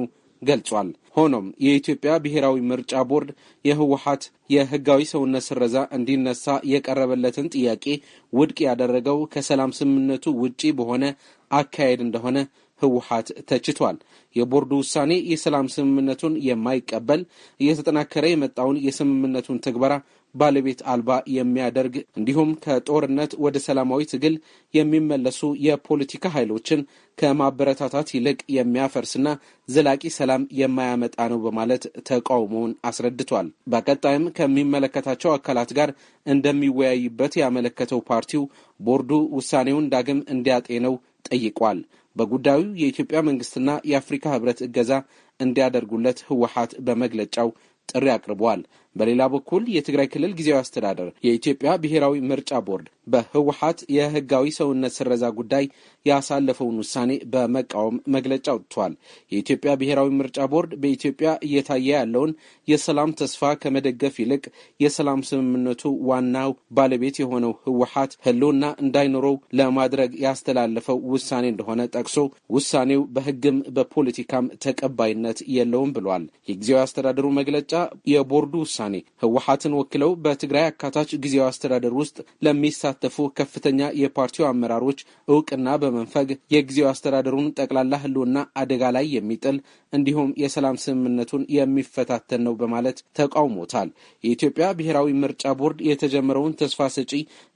ገልጿል። ሆኖም የኢትዮጵያ ብሔራዊ ምርጫ ቦርድ የህወሀት የህጋዊ ሰውነት ስረዛ እንዲነሳ የቀረበለትን ጥያቄ ውድቅ ያደረገው ከሰላም ስምምነቱ ውጪ በሆነ አካሄድ እንደሆነ ህወሓት ተችቷል። የቦርዱ ውሳኔ የሰላም ስምምነቱን የማይቀበል እየተጠናከረ የመጣውን የስምምነቱን ትግበራ ባለቤት አልባ የሚያደርግ እንዲሁም ከጦርነት ወደ ሰላማዊ ትግል የሚመለሱ የፖለቲካ ኃይሎችን ከማበረታታት ይልቅ የሚያፈርስና ዘላቂ ሰላም የማያመጣ ነው በማለት ተቃውሞውን አስረድቷል። በቀጣይም ከሚመለከታቸው አካላት ጋር እንደሚወያይበት ያመለከተው ፓርቲው ቦርዱ ውሳኔውን ዳግም እንዲያጤነው ጠይቋል። በጉዳዩ የኢትዮጵያ መንግስትና የአፍሪካ ህብረት እገዛ እንዲያደርጉለት ህወሀት በመግለጫው ጥሪ አቅርበዋል። በሌላ በኩል የትግራይ ክልል ጊዜያዊ አስተዳደር የኢትዮጵያ ብሔራዊ ምርጫ ቦርድ በህወሓት የህጋዊ ሰውነት ስረዛ ጉዳይ ያሳለፈውን ውሳኔ በመቃወም መግለጫ አውጥቷል። የኢትዮጵያ ብሔራዊ ምርጫ ቦርድ በኢትዮጵያ እየታየ ያለውን የሰላም ተስፋ ከመደገፍ ይልቅ የሰላም ስምምነቱ ዋናው ባለቤት የሆነው ህወሓት ህልውና እንዳይኖረው ለማድረግ ያስተላለፈው ውሳኔ እንደሆነ ጠቅሶ ውሳኔው በህግም በፖለቲካም ተቀባይነት የለውም ብሏል። የጊዜያዊ አስተዳደሩ መግለጫ የቦርዱ ውሳኔ ህወሓትን ወክለው በትግራይ አካታች ጊዜያዊ አስተዳደር ውስጥ ለሚሳ የተሳተፉ ከፍተኛ የፓርቲው አመራሮች እውቅና በመንፈግ የጊዜው አስተዳደሩን ጠቅላላ ህልውና አደጋ ላይ የሚጥል እንዲሁም የሰላም ስምምነቱን የሚፈታተን ነው በማለት ተቃውሞታል። የኢትዮጵያ ብሔራዊ ምርጫ ቦርድ የተጀመረውን ተስፋ ሰጪ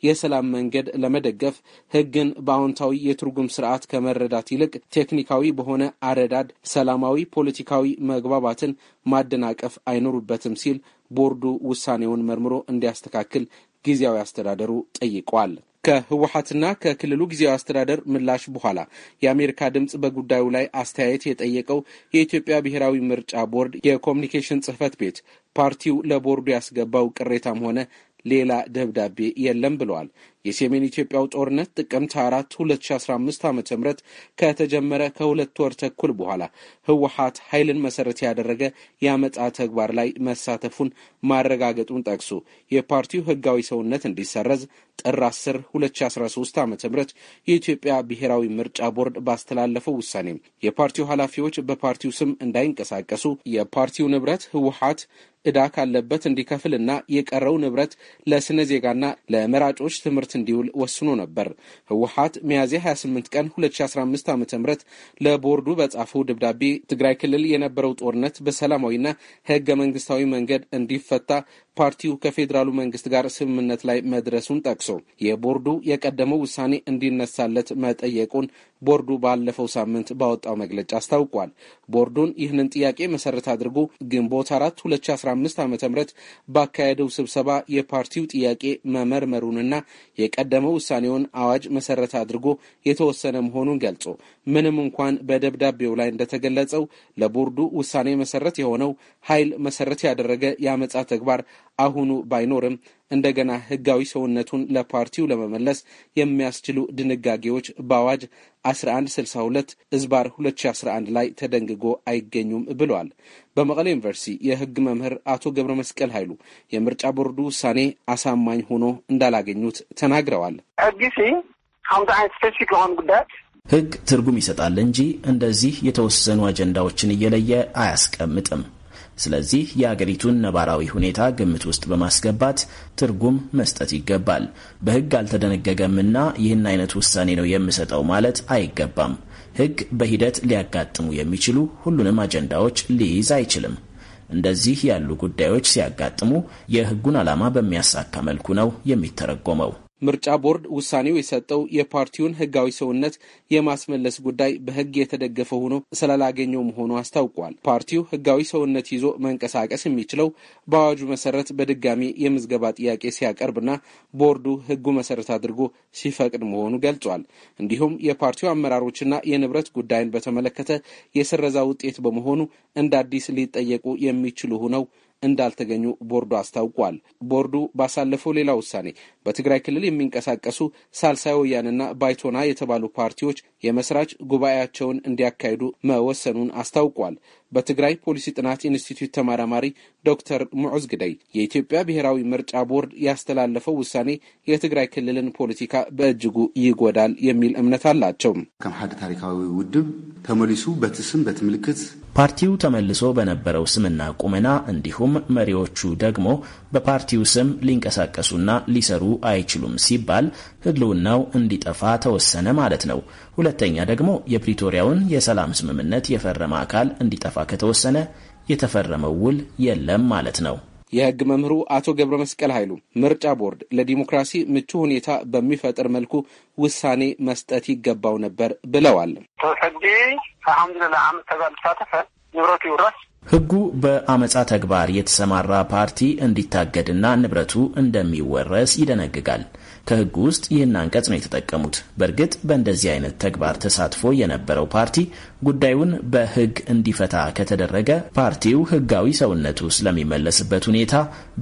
የሰላም መንገድ ለመደገፍ ህግን በአዎንታዊ የትርጉም ስርዓት ከመረዳት ይልቅ ቴክኒካዊ በሆነ አረዳድ ሰላማዊ ፖለቲካዊ መግባባትን ማደናቀፍ አይኖሩበትም ሲል ቦርዱ ውሳኔውን መርምሮ እንዲያስተካክል ጊዜያዊ አስተዳደሩ ጠይቋል። ከህወሀትና ከክልሉ ጊዜያዊ አስተዳደር ምላሽ በኋላ የአሜሪካ ድምፅ በጉዳዩ ላይ አስተያየት የጠየቀው የኢትዮጵያ ብሔራዊ ምርጫ ቦርድ የኮሚኒኬሽን ጽህፈት ቤት ፓርቲው ለቦርዱ ያስገባው ቅሬታም ሆነ ሌላ ደብዳቤ የለም ብለዋል። የሰሜን ኢትዮጵያው ጦርነት ጥቅምት 4 2015 ዓ ም ከተጀመረ ከሁለት ወር ተኩል በኋላ ህወሀት ኃይልን መሰረት ያደረገ የአመጻ ተግባር ላይ መሳተፉን ማረጋገጡን ጠቅሶ የፓርቲው ህጋዊ ሰውነት እንዲሰረዝ ጥር 10 2013 ዓ ም የኢትዮጵያ ብሔራዊ ምርጫ ቦርድ ባስተላለፈው ውሳኔም የፓርቲው ኃላፊዎች በፓርቲው ስም እንዳይንቀሳቀሱ የፓርቲው ንብረት ህወሀት እዳ ካለበት እንዲከፍልና የቀረው ንብረት ለስነ ዜጋና ለመራጮች ትምህርት አገልግሎት እንዲውል ወስኖ ነበር። ህወሀት ሚያዝያ 28 ቀን 2015 ዓ ም ለቦርዱ በጻፈው ደብዳቤ ትግራይ ክልል የነበረው ጦርነት በሰላማዊና ህገ መንግስታዊ መንገድ እንዲፈታ ፓርቲው ከፌዴራሉ መንግስት ጋር ስምምነት ላይ መድረሱን ጠቅሶ የቦርዱ የቀደመው ውሳኔ እንዲነሳለት መጠየቁን ቦርዱ ባለፈው ሳምንት ባወጣው መግለጫ አስታውቋል። ቦርዱን ይህንን ጥያቄ መሰረት አድርጎ ግንቦት አራት 2015 ዓ ም ባካሄደው ስብሰባ የፓርቲው ጥያቄ መመርመሩንና የቀደመው ውሳኔውን አዋጅ መሰረት አድርጎ የተወሰነ መሆኑን ገልጾ ምንም እንኳን በደብዳቤው ላይ እንደተገለጸው ለቦርዱ ውሳኔ መሰረት የሆነው ኃይል መሰረት ያደረገ የአመፃ ተግባር አሁኑ ባይኖርም እንደገና ህጋዊ ሰውነቱን ለፓርቲው ለመመለስ የሚያስችሉ ድንጋጌዎች በአዋጅ 1162 እዝባር 2011 ላይ ተደንግጎ አይገኙም ብለዋል። በመቀሌ ዩኒቨርሲቲ የህግ መምህር አቶ ገብረ መስቀል ኃይሉ የምርጫ ቦርዱ ውሳኔ አሳማኝ ሆኖ እንዳላገኙት ተናግረዋል። ሕጊ ሲ ከምዚ ዓይነት ስፔሲፊክ ለሆኑ ጉዳያት ህግ ትርጉም ይሰጣል እንጂ እንደዚህ የተወሰኑ አጀንዳዎችን እየለየ አያስቀምጥም። ስለዚህ የአገሪቱን ነባራዊ ሁኔታ ግምት ውስጥ በማስገባት ትርጉም መስጠት ይገባል። በህግ አልተደነገገምና ይህን አይነት ውሳኔ ነው የምሰጠው ማለት አይገባም። ህግ በሂደት ሊያጋጥሙ የሚችሉ ሁሉንም አጀንዳዎች ሊይዝ አይችልም። እንደዚህ ያሉ ጉዳዮች ሲያጋጥሙ የህጉን ዓላማ በሚያሳካ መልኩ ነው የሚተረጎመው። ምርጫ ቦርድ ውሳኔው የሰጠው የፓርቲውን ህጋዊ ሰውነት የማስመለስ ጉዳይ በህግ የተደገፈ ሆኖ ስላላገኘው መሆኑ አስታውቋል። ፓርቲው ህጋዊ ሰውነት ይዞ መንቀሳቀስ የሚችለው በአዋጁ መሰረት በድጋሚ የምዝገባ ጥያቄ ሲያቀርብና ቦርዱ ህጉ መሰረት አድርጎ ሲፈቅድ መሆኑ ገልጿል። እንዲሁም የፓርቲው አመራሮችና የንብረት ጉዳይን በተመለከተ የስረዛ ውጤት በመሆኑ እንደ አዲስ ሊጠየቁ የሚችሉ ሆነው እንዳልተገኙ ቦርዱ አስታውቋል። ቦርዱ ባሳለፈው ሌላ ውሳኔ በትግራይ ክልል የሚንቀሳቀሱ ሳልሳይ ወያንና ባይቶና የተባሉ ፓርቲዎች የመስራች ጉባኤያቸውን እንዲያካሂዱ መወሰኑን አስታውቋል። በትግራይ ፖሊሲ ጥናት ኢንስቲትዩት ተመራማሪ ዶክተር ሙዑዝ ግደይ የኢትዮጵያ ብሔራዊ ምርጫ ቦርድ ያስተላለፈው ውሳኔ የትግራይ ክልልን ፖለቲካ በእጅጉ ይጎዳል የሚል እምነት አላቸው። ከም ሓደ ታሪካዊ ውድብ ተመሊሱ በቲ ስም ምልክት ፓርቲው ተመልሶ በነበረው ስምና ቁመና እንዲሁም መሪዎቹ ደግሞ በፓርቲው ስም ሊንቀሳቀሱና ሊሰሩ አይችሉም ሲባል ህልውናው እንዲጠፋ ተወሰነ ማለት ነው። ሁለተኛ ደግሞ የፕሪቶሪያውን የሰላም ስምምነት የፈረመ አካል እንዲጠፋ ከተወሰነ የተፈረመው ውል የለም ማለት ነው። የህግ መምህሩ አቶ ገብረ መስቀል ኃይሉ ምርጫ ቦርድ ለዲሞክራሲ ምቹ ሁኔታ በሚፈጥር መልኩ ውሳኔ መስጠት ይገባው ነበር ብለዋል። ተሰዲ አልሐምዱሊላ ንብረቱ ይውረስ ህጉ በአመፃ ተግባር የተሰማራ ፓርቲ እንዲታገድና ንብረቱ እንደሚወረስ ይደነግጋል። ከህጉ ውስጥ ይህን አንቀጽ ነው የተጠቀሙት። በእርግጥ በእንደዚህ አይነት ተግባር ተሳትፎ የነበረው ፓርቲ ጉዳዩን በህግ እንዲፈታ ከተደረገ ፓርቲው ህጋዊ ሰውነቱ ስለሚመለስበት ሁኔታ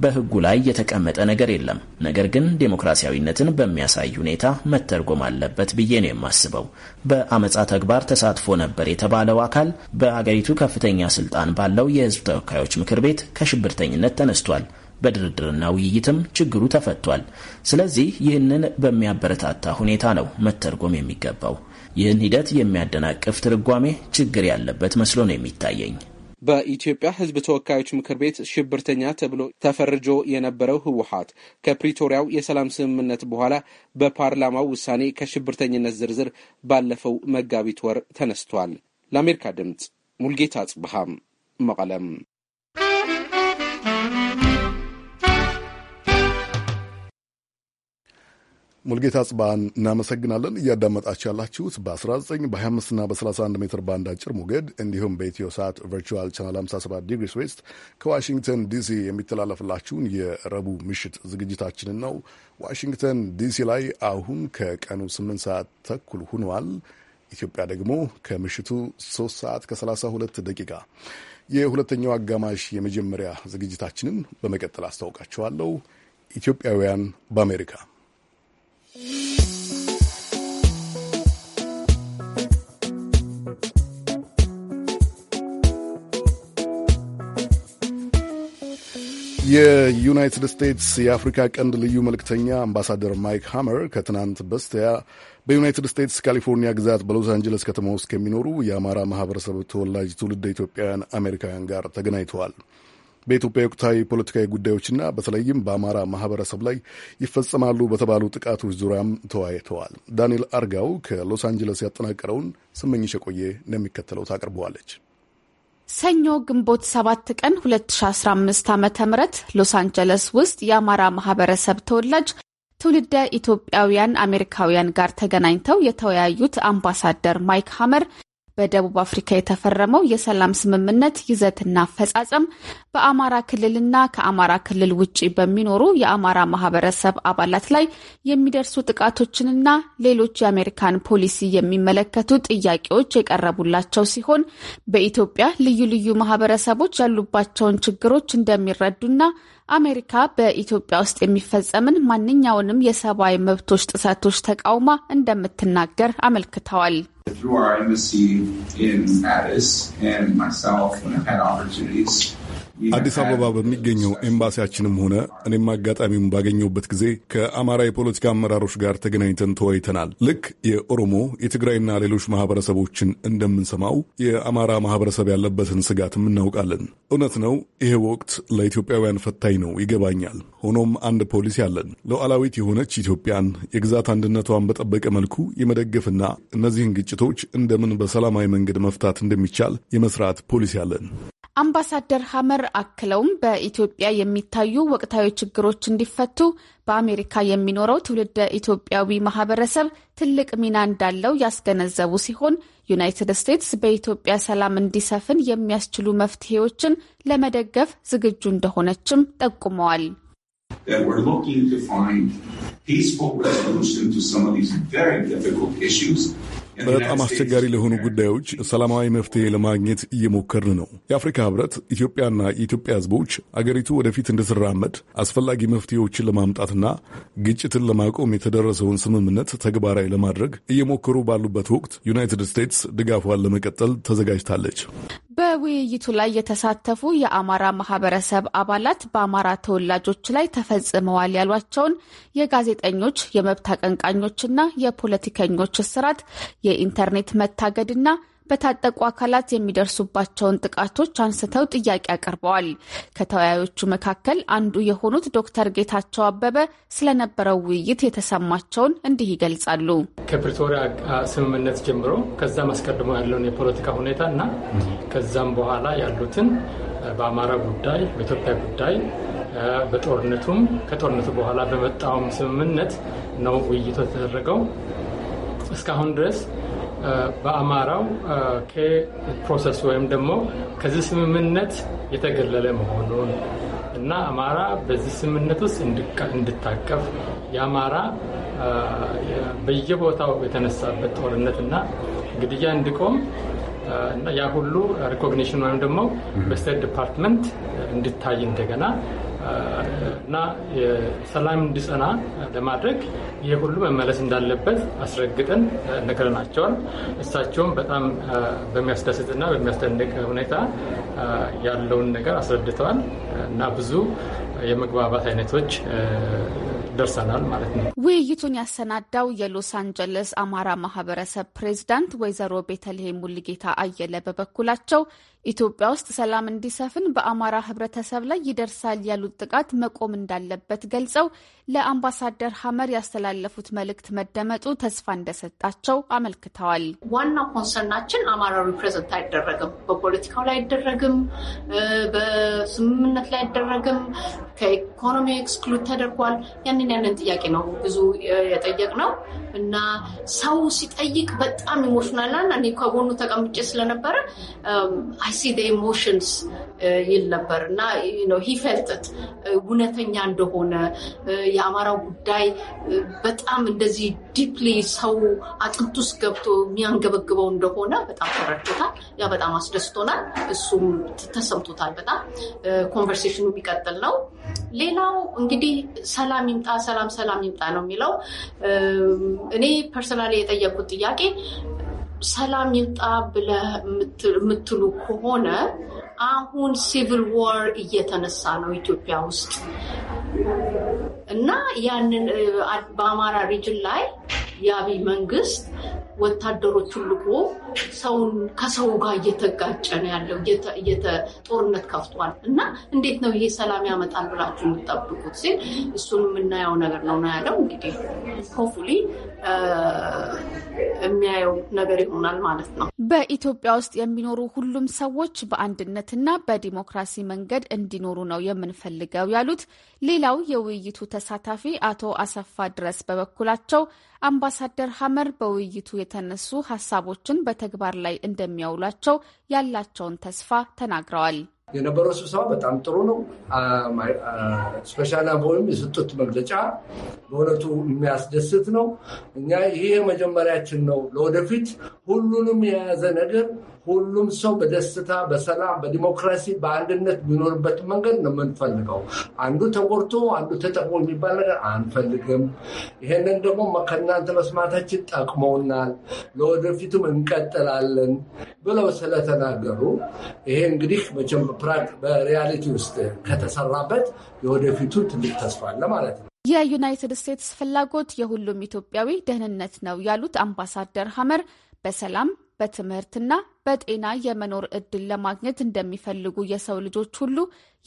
በህጉ ላይ የተቀመጠ ነገር የለም። ነገር ግን ዴሞክራሲያዊነትን በሚያሳይ ሁኔታ መተርጎም አለበት ብዬ ነው የማስበው። በአመጻ ተግባር ተሳትፎ ነበር የተባለው አካል በአገሪቱ ከፍተኛ ስልጣን ባለው የህዝብ ተወካዮች ምክር ቤት ከሽብርተኝነት ተነስቷል። በድርድርና ውይይትም ችግሩ ተፈቷል። ስለዚህ ይህንን በሚያበረታታ ሁኔታ ነው መተርጎም የሚገባው። ይህን ሂደት የሚያደናቅፍ ትርጓሜ ችግር ያለበት መስሎ ነው የሚታየኝ። በኢትዮጵያ ሕዝብ ተወካዮች ምክር ቤት ሽብርተኛ ተብሎ ተፈርጆ የነበረው ህወሀት ከፕሪቶሪያው የሰላም ስምምነት በኋላ በፓርላማው ውሳኔ ከሽብርተኝነት ዝርዝር ባለፈው መጋቢት ወር ተነስቷል። ለአሜሪካ ድምፅ ሙልጌታ አጽብሃም መቀለም ሙልጌታ ጽባን እናመሰግናለን። እያዳመጣችሁ ያላችሁት በ19 25 እና በ31 ሜትር ባንድ አጭር ሞገድ እንዲሁም በኢትዮ ሰዓት ቨርቹዋል ቻናል 57 ዲግሪስ ዌስት ከዋሽንግተን ዲሲ የሚተላለፍላችሁን የረቡዕ ምሽት ዝግጅታችንን ነው። ዋሽንግተን ዲሲ ላይ አሁን ከቀኑ 8 ሰዓት ተኩል ሁኗል። ኢትዮጵያ ደግሞ ከምሽቱ 3 ሰዓት ከ32 ደቂቃ የሁለተኛው አጋማሽ የመጀመሪያ ዝግጅታችንን በመቀጠል አስታውቃችኋለሁ። ኢትዮጵያውያን በአሜሪካ የዩናይትድ ስቴትስ የአፍሪካ ቀንድ ልዩ መልእክተኛ አምባሳደር ማይክ ሃመር ከትናንት በስቲያ በዩናይትድ ስቴትስ ካሊፎርኒያ ግዛት በሎስ አንጀለስ ከተማ ውስጥ ከሚኖሩ የአማራ ማህበረሰብ ተወላጅ ትውልድ ኢትዮጵያውያን አሜሪካውያን ጋር ተገናኝተዋል። በኢትዮጵያ ወቅታዊ ፖለቲካዊ ጉዳዮችና በተለይም በአማራ ማህበረሰብ ላይ ይፈጸማሉ በተባሉ ጥቃቶች ዙሪያም ተወያይተዋል። ዳንኤል አርጋው ከሎስ አንጀለስ ያጠናቀረውን ስመኝሽ የቆየ እንደሚከተለው ታቅርበዋለች። ሰኞ ግንቦት 7 ቀን 2015 ዓ ም ሎስ አንጀለስ ውስጥ የአማራ ማህበረሰብ ተወላጅ ትውልደ ኢትዮጵያውያን አሜሪካውያን ጋር ተገናኝተው የተወያዩት አምባሳደር ማይክ ሀመር በደቡብ አፍሪካ የተፈረመው የሰላም ስምምነት ይዘትና አፈጻጸም በአማራ ክልልና ከአማራ ክልል ውጭ በሚኖሩ የአማራ ማህበረሰብ አባላት ላይ የሚደርሱ ጥቃቶችንና ሌሎች የአሜሪካን ፖሊሲ የሚመለከቱ ጥያቄዎች የቀረቡላቸው ሲሆን በኢትዮጵያ ልዩ ልዩ ማህበረሰቦች ያሉባቸውን ችግሮች እንደሚረዱና አሜሪካ በኢትዮጵያ ውስጥ የሚፈጸምን ማንኛውንም የሰብአዊ መብቶች ጥሰቶች ተቃውማ እንደምትናገር አመልክተዋል። አዲስ አበባ በሚገኘው ኤምባሲያችንም ሆነ እኔም አጋጣሚውን ባገኘሁበት ጊዜ ከአማራ የፖለቲካ አመራሮች ጋር ተገናኝተን ተወያይተናል። ልክ የኦሮሞ የትግራይና ሌሎች ማህበረሰቦችን እንደምንሰማው የአማራ ማህበረሰብ ያለበትን ስጋትም እናውቃለን። እውነት ነው፣ ይሄ ወቅት ለኢትዮጵያውያን ፈታኝ ነው፣ ይገባኛል። ሆኖም አንድ ፖሊሲ አለን። ሉዓላዊት የሆነች ኢትዮጵያን የግዛት አንድነቷን በጠበቀ መልኩ የመደገፍና እነዚህን ግጭቶች እንደምን በሰላማዊ መንገድ መፍታት እንደሚቻል የመስራት ፖሊሲ አለን። አምባሳደር ሀመር አክለውም በኢትዮጵያ የሚታዩ ወቅታዊ ችግሮች እንዲፈቱ በአሜሪካ የሚኖረው ትውልደ ኢትዮጵያዊ ማህበረሰብ ትልቅ ሚና እንዳለው ያስገነዘቡ ሲሆን ዩናይትድ ስቴትስ በኢትዮጵያ ሰላም እንዲሰፍን የሚያስችሉ መፍትሄዎችን ለመደገፍ ዝግጁ እንደሆነችም ጠቁመዋል። በጣም አስቸጋሪ ለሆኑ ጉዳዮች ሰላማዊ መፍትሄ ለማግኘት እየሞከርን ነው። የአፍሪካ ህብረት፣ ኢትዮጵያና የኢትዮጵያ ህዝቦች አገሪቱ ወደፊት እንድትራመድ አስፈላጊ መፍትሄዎችን ለማምጣትና ግጭትን ለማቆም የተደረሰውን ስምምነት ተግባራዊ ለማድረግ እየሞከሩ ባሉበት ወቅት ዩናይትድ ስቴትስ ድጋፏን ለመቀጠል ተዘጋጅታለች። በውይይቱ ላይ የተሳተፉ የአማራ ማህበረሰብ አባላት በአማራ ተወላጆች ላይ ተፈጽመዋል ያሏቸውን የጋዜጠኞች፣ የመብት አቀንቃኞችና የፖለቲከኞች እስራት፣ የኢንተርኔት መታገድና በታጠቁ አካላት የሚደርሱባቸውን ጥቃቶች አንስተው ጥያቄ አቅርበዋል። ከተወያዮቹ መካከል አንዱ የሆኑት ዶክተር ጌታቸው አበበ ስለነበረው ውይይት የተሰማቸውን እንዲህ ይገልጻሉ። ከፕሪቶሪያ ስምምነት ጀምሮ ከዛም አስቀድሞ ያለውን የፖለቲካ ሁኔታ እና ከዛም በኋላ ያሉትን በአማራ ጉዳይ፣ በኢትዮጵያ ጉዳይ በጦርነቱም ከጦርነቱ በኋላ በመጣውም ስምምነት ነው ውይይቱ የተደረገው። እስካሁን ድረስ በአማራው ከፕሮሰስ ወይም ደግሞ ከዚህ ስምምነት የተገለለ መሆኑን እና አማራ በዚህ ስምምነት ውስጥ እንድታቀፍ የአማራ በየቦታው የተነሳበት ጦርነት እና ግድያ እንዲቆም እና ያ ሁሉ ሪኮግኒሽን ወይም ደግሞ በስቴት ዲፓርትመንት እንድታይ እንደገና እና ሰላም እንዲጸና ለማድረግ ይህ ሁሉ መመለስ እንዳለበት አስረግጠን ነግረናቸዋል። እሳቸውም በጣም በሚያስደስትና በሚያስደንቅ ሁኔታ ያለውን ነገር አስረድተዋል እና ብዙ የመግባባት አይነቶች ደርሰናል ማለት ነው። ውይይቱን ያሰናዳው የሎስ አንጀለስ አማራ ማህበረሰብ ፕሬዚዳንት ወይዘሮ ቤተልሔም ሙልጌታ አየለ በበኩላቸው ኢትዮጵያ ውስጥ ሰላም እንዲሰፍን በአማራ ህብረተሰብ ላይ ይደርሳል ያሉት ጥቃት መቆም እንዳለበት ገልጸው ለአምባሳደር ሀመር ያስተላለፉት መልእክት መደመጡ ተስፋ እንደሰጣቸው አመልክተዋል። ዋናው ኮንሰርናችን አማራ ሪፕሬዘንት አይደረግም፣ በፖለቲካው ላይ አይደረግም፣ በስምምነት ላይ አይደረግም፣ ከኢኮኖሚ ኤክስክሉድ ተደርጓል። ያንን ያንን ጥያቄ ነው ብዙ የጠየቅ ነው እና ሰው ሲጠይቅ በጣም ኢሞሽናልና እኔ ከጎኑ ተቀምጬ ስለነበረ አሲድ ኢሞሽንስ uh, ይል ነበር እና ፈልጥት uh, እውነተኛ እንደሆነ uh, የአማራው ጉዳይ በጣም እንደዚህ ዲፕሊ ሰው አጥንቱ ውስጥ ገብቶ የሚያንገበግበው እንደሆነ በጣም ተረድቶታል። ያ በጣም አስደስቶናል። እሱም ተሰምቶታል። በጣም ኮንቨርሴሽኑ የሚቀጥል ነው። ሌላው እንግዲህ ሰላም ይምጣ ሰላም ሰላም ይምጣ ነው የሚለው። um, እኔ ፐርሰናሊ የጠየቁት ጥያቄ ሰላም ይምጣ ብለህ የምትሉ ከሆነ አሁን ሲቪል ወር እየተነሳ ነው ኢትዮጵያ ውስጥ እና ያንን በአማራ ሪጅን ላይ የአብይ መንግስት ወታደሮቹን ልኮ ሰውን ከሰው ጋር እየተጋጨ ነው ያለው። ጦርነት ከፍቷል እና እንዴት ነው ይሄ ሰላም ያመጣል ብላችሁ የምጠብቁት? ሲል እሱን የምናየው ነገር ነው ነው ያለው። እንግዲህ ሆፉሊ የሚያየው ነገር ይሆናል ማለት ነው። በኢትዮጵያ ውስጥ የሚኖሩ ሁሉም ሰዎች በአንድነትና በዲሞክራሲ መንገድ እንዲኖሩ ነው የምንፈልገው ያሉት ሌላው የውይይቱ ተሳታፊ አቶ አሰፋ ድረስ በበኩላቸው አምባሳደር ሀመር በውይይቱ የተነሱ ሀሳቦችን በ በተግባር ላይ እንደሚያውሏቸው ያላቸውን ተስፋ ተናግረዋል። የነበረው ስብሰባ በጣም ጥሩ ነው። ስፔሻል አምቦይም የሰጡት መግለጫ በእውነቱ የሚያስደስት ነው። እኛ ይሄ መጀመሪያችን ነው። ለወደፊት ሁሉንም የያዘ ነገር ሁሉም ሰው በደስታ በሰላም በዲሞክራሲ በአንድነት የሚኖርበት መንገድ ነው የምንፈልገው። አንዱ ተጎድቶ አንዱ ተጠቅሞ የሚባል ነገር አንፈልግም። ይሄንን ደግሞ ከእናንተ መስማታችን ጠቅሞናል፣ ለወደፊቱም እንቀጥላለን ብለው ስለተናገሩ ይሄ እንግዲህ መቼም በሪያሊቲ ውስጥ ከተሰራበት የወደፊቱ ትልቅ ተስፋ አለ ማለት ነው። የዩናይትድ ስቴትስ ፍላጎት የሁሉም ኢትዮጵያዊ ደህንነት ነው ያሉት አምባሳደር ሀመር በሰላም በትምህርትና በጤና የመኖር እድል ለማግኘት እንደሚፈልጉ የሰው ልጆች ሁሉ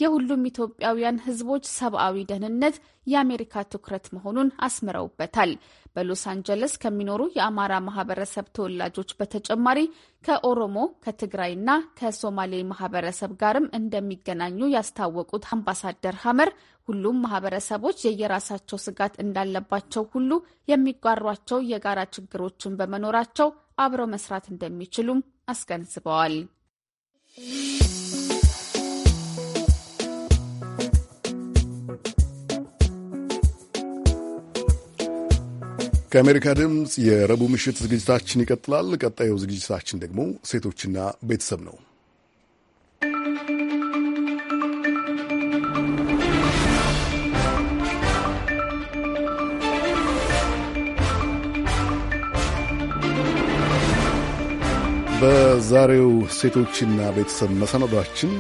የሁሉም ኢትዮጵያውያን ሕዝቦች ሰብአዊ ደህንነት የአሜሪካ ትኩረት መሆኑን አስምረውበታል። በሎስ አንጀለስ ከሚኖሩ የአማራ ማህበረሰብ ተወላጆች በተጨማሪ ከኦሮሞ ከትግራይና ከሶማሌ ማህበረሰብ ጋርም እንደሚገናኙ ያስታወቁት አምባሳደር ሀመር ሁሉም ማህበረሰቦች የየራሳቸው ስጋት እንዳለባቸው ሁሉ የሚጓሯቸው የጋራ ችግሮችን በመኖራቸው አብረው መስራት እንደሚችሉም አስገንዝበዋል። ከአሜሪካ ድምፅ የረቡዕ ምሽት ዝግጅታችን ይቀጥላል። ቀጣዩ ዝግጅታችን ደግሞ ሴቶችና ቤተሰብ ነው። በዛሬው ሴቶችና ቤተሰብ መሰናዷችን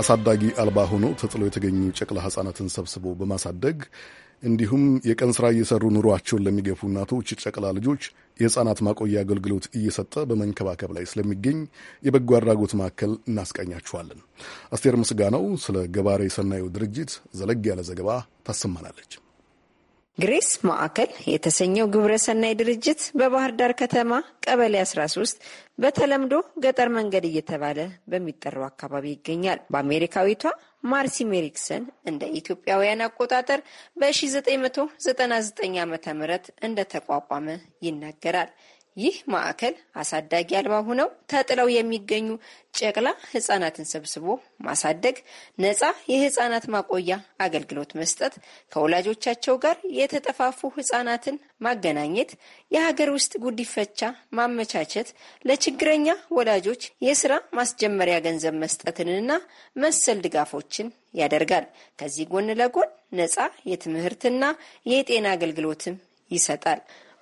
አሳዳጊ አልባ ሆኖ ተጥለው የተገኙ ጨቅላ ሕጻናትን ሰብስቦ በማሳደግ እንዲሁም የቀን ስራ እየሰሩ ኑሯቸውን ለሚገፉ እናቶች ጨቅላ ልጆች የሕፃናት ማቆያ አገልግሎት እየሰጠ በመንከባከብ ላይ ስለሚገኝ የበጎ አድራጎት ማዕከል እናስቃኛችኋለን። አስቴር ምስጋናው ስለ ገባሬ ሰናዩ ድርጅት ዘለግ ያለ ዘገባ ታሰማናለች። ግሬስ ማዕከል የተሰኘው ግብረሰናይ ድርጅት በባህር ዳር ከተማ ቀበሌ 13 በተለምዶ ገጠር መንገድ እየተባለ በሚጠራው አካባቢ ይገኛል። በአሜሪካዊቷ ማርሲ ሜሪክሰን እንደ ኢትዮጵያውያን አቆጣጠር በ1999 ዓ ም እንደተቋቋመ ይናገራል። ይህ ማዕከል አሳዳጊ አልባ ሆነው ተጥለው የሚገኙ ጨቅላ ህጻናትን ሰብስቦ ማሳደግ፣ ነጻ የህጻናት ማቆያ አገልግሎት መስጠት፣ ከወላጆቻቸው ጋር የተጠፋፉ ህጻናትን ማገናኘት፣ የሀገር ውስጥ ጉዲፈቻ ማመቻቸት፣ ለችግረኛ ወላጆች የስራ ማስጀመሪያ ገንዘብ መስጠትንና መሰል ድጋፎችን ያደርጋል። ከዚህ ጎን ለጎን ነጻ የትምህርትና የጤና አገልግሎትም ይሰጣል።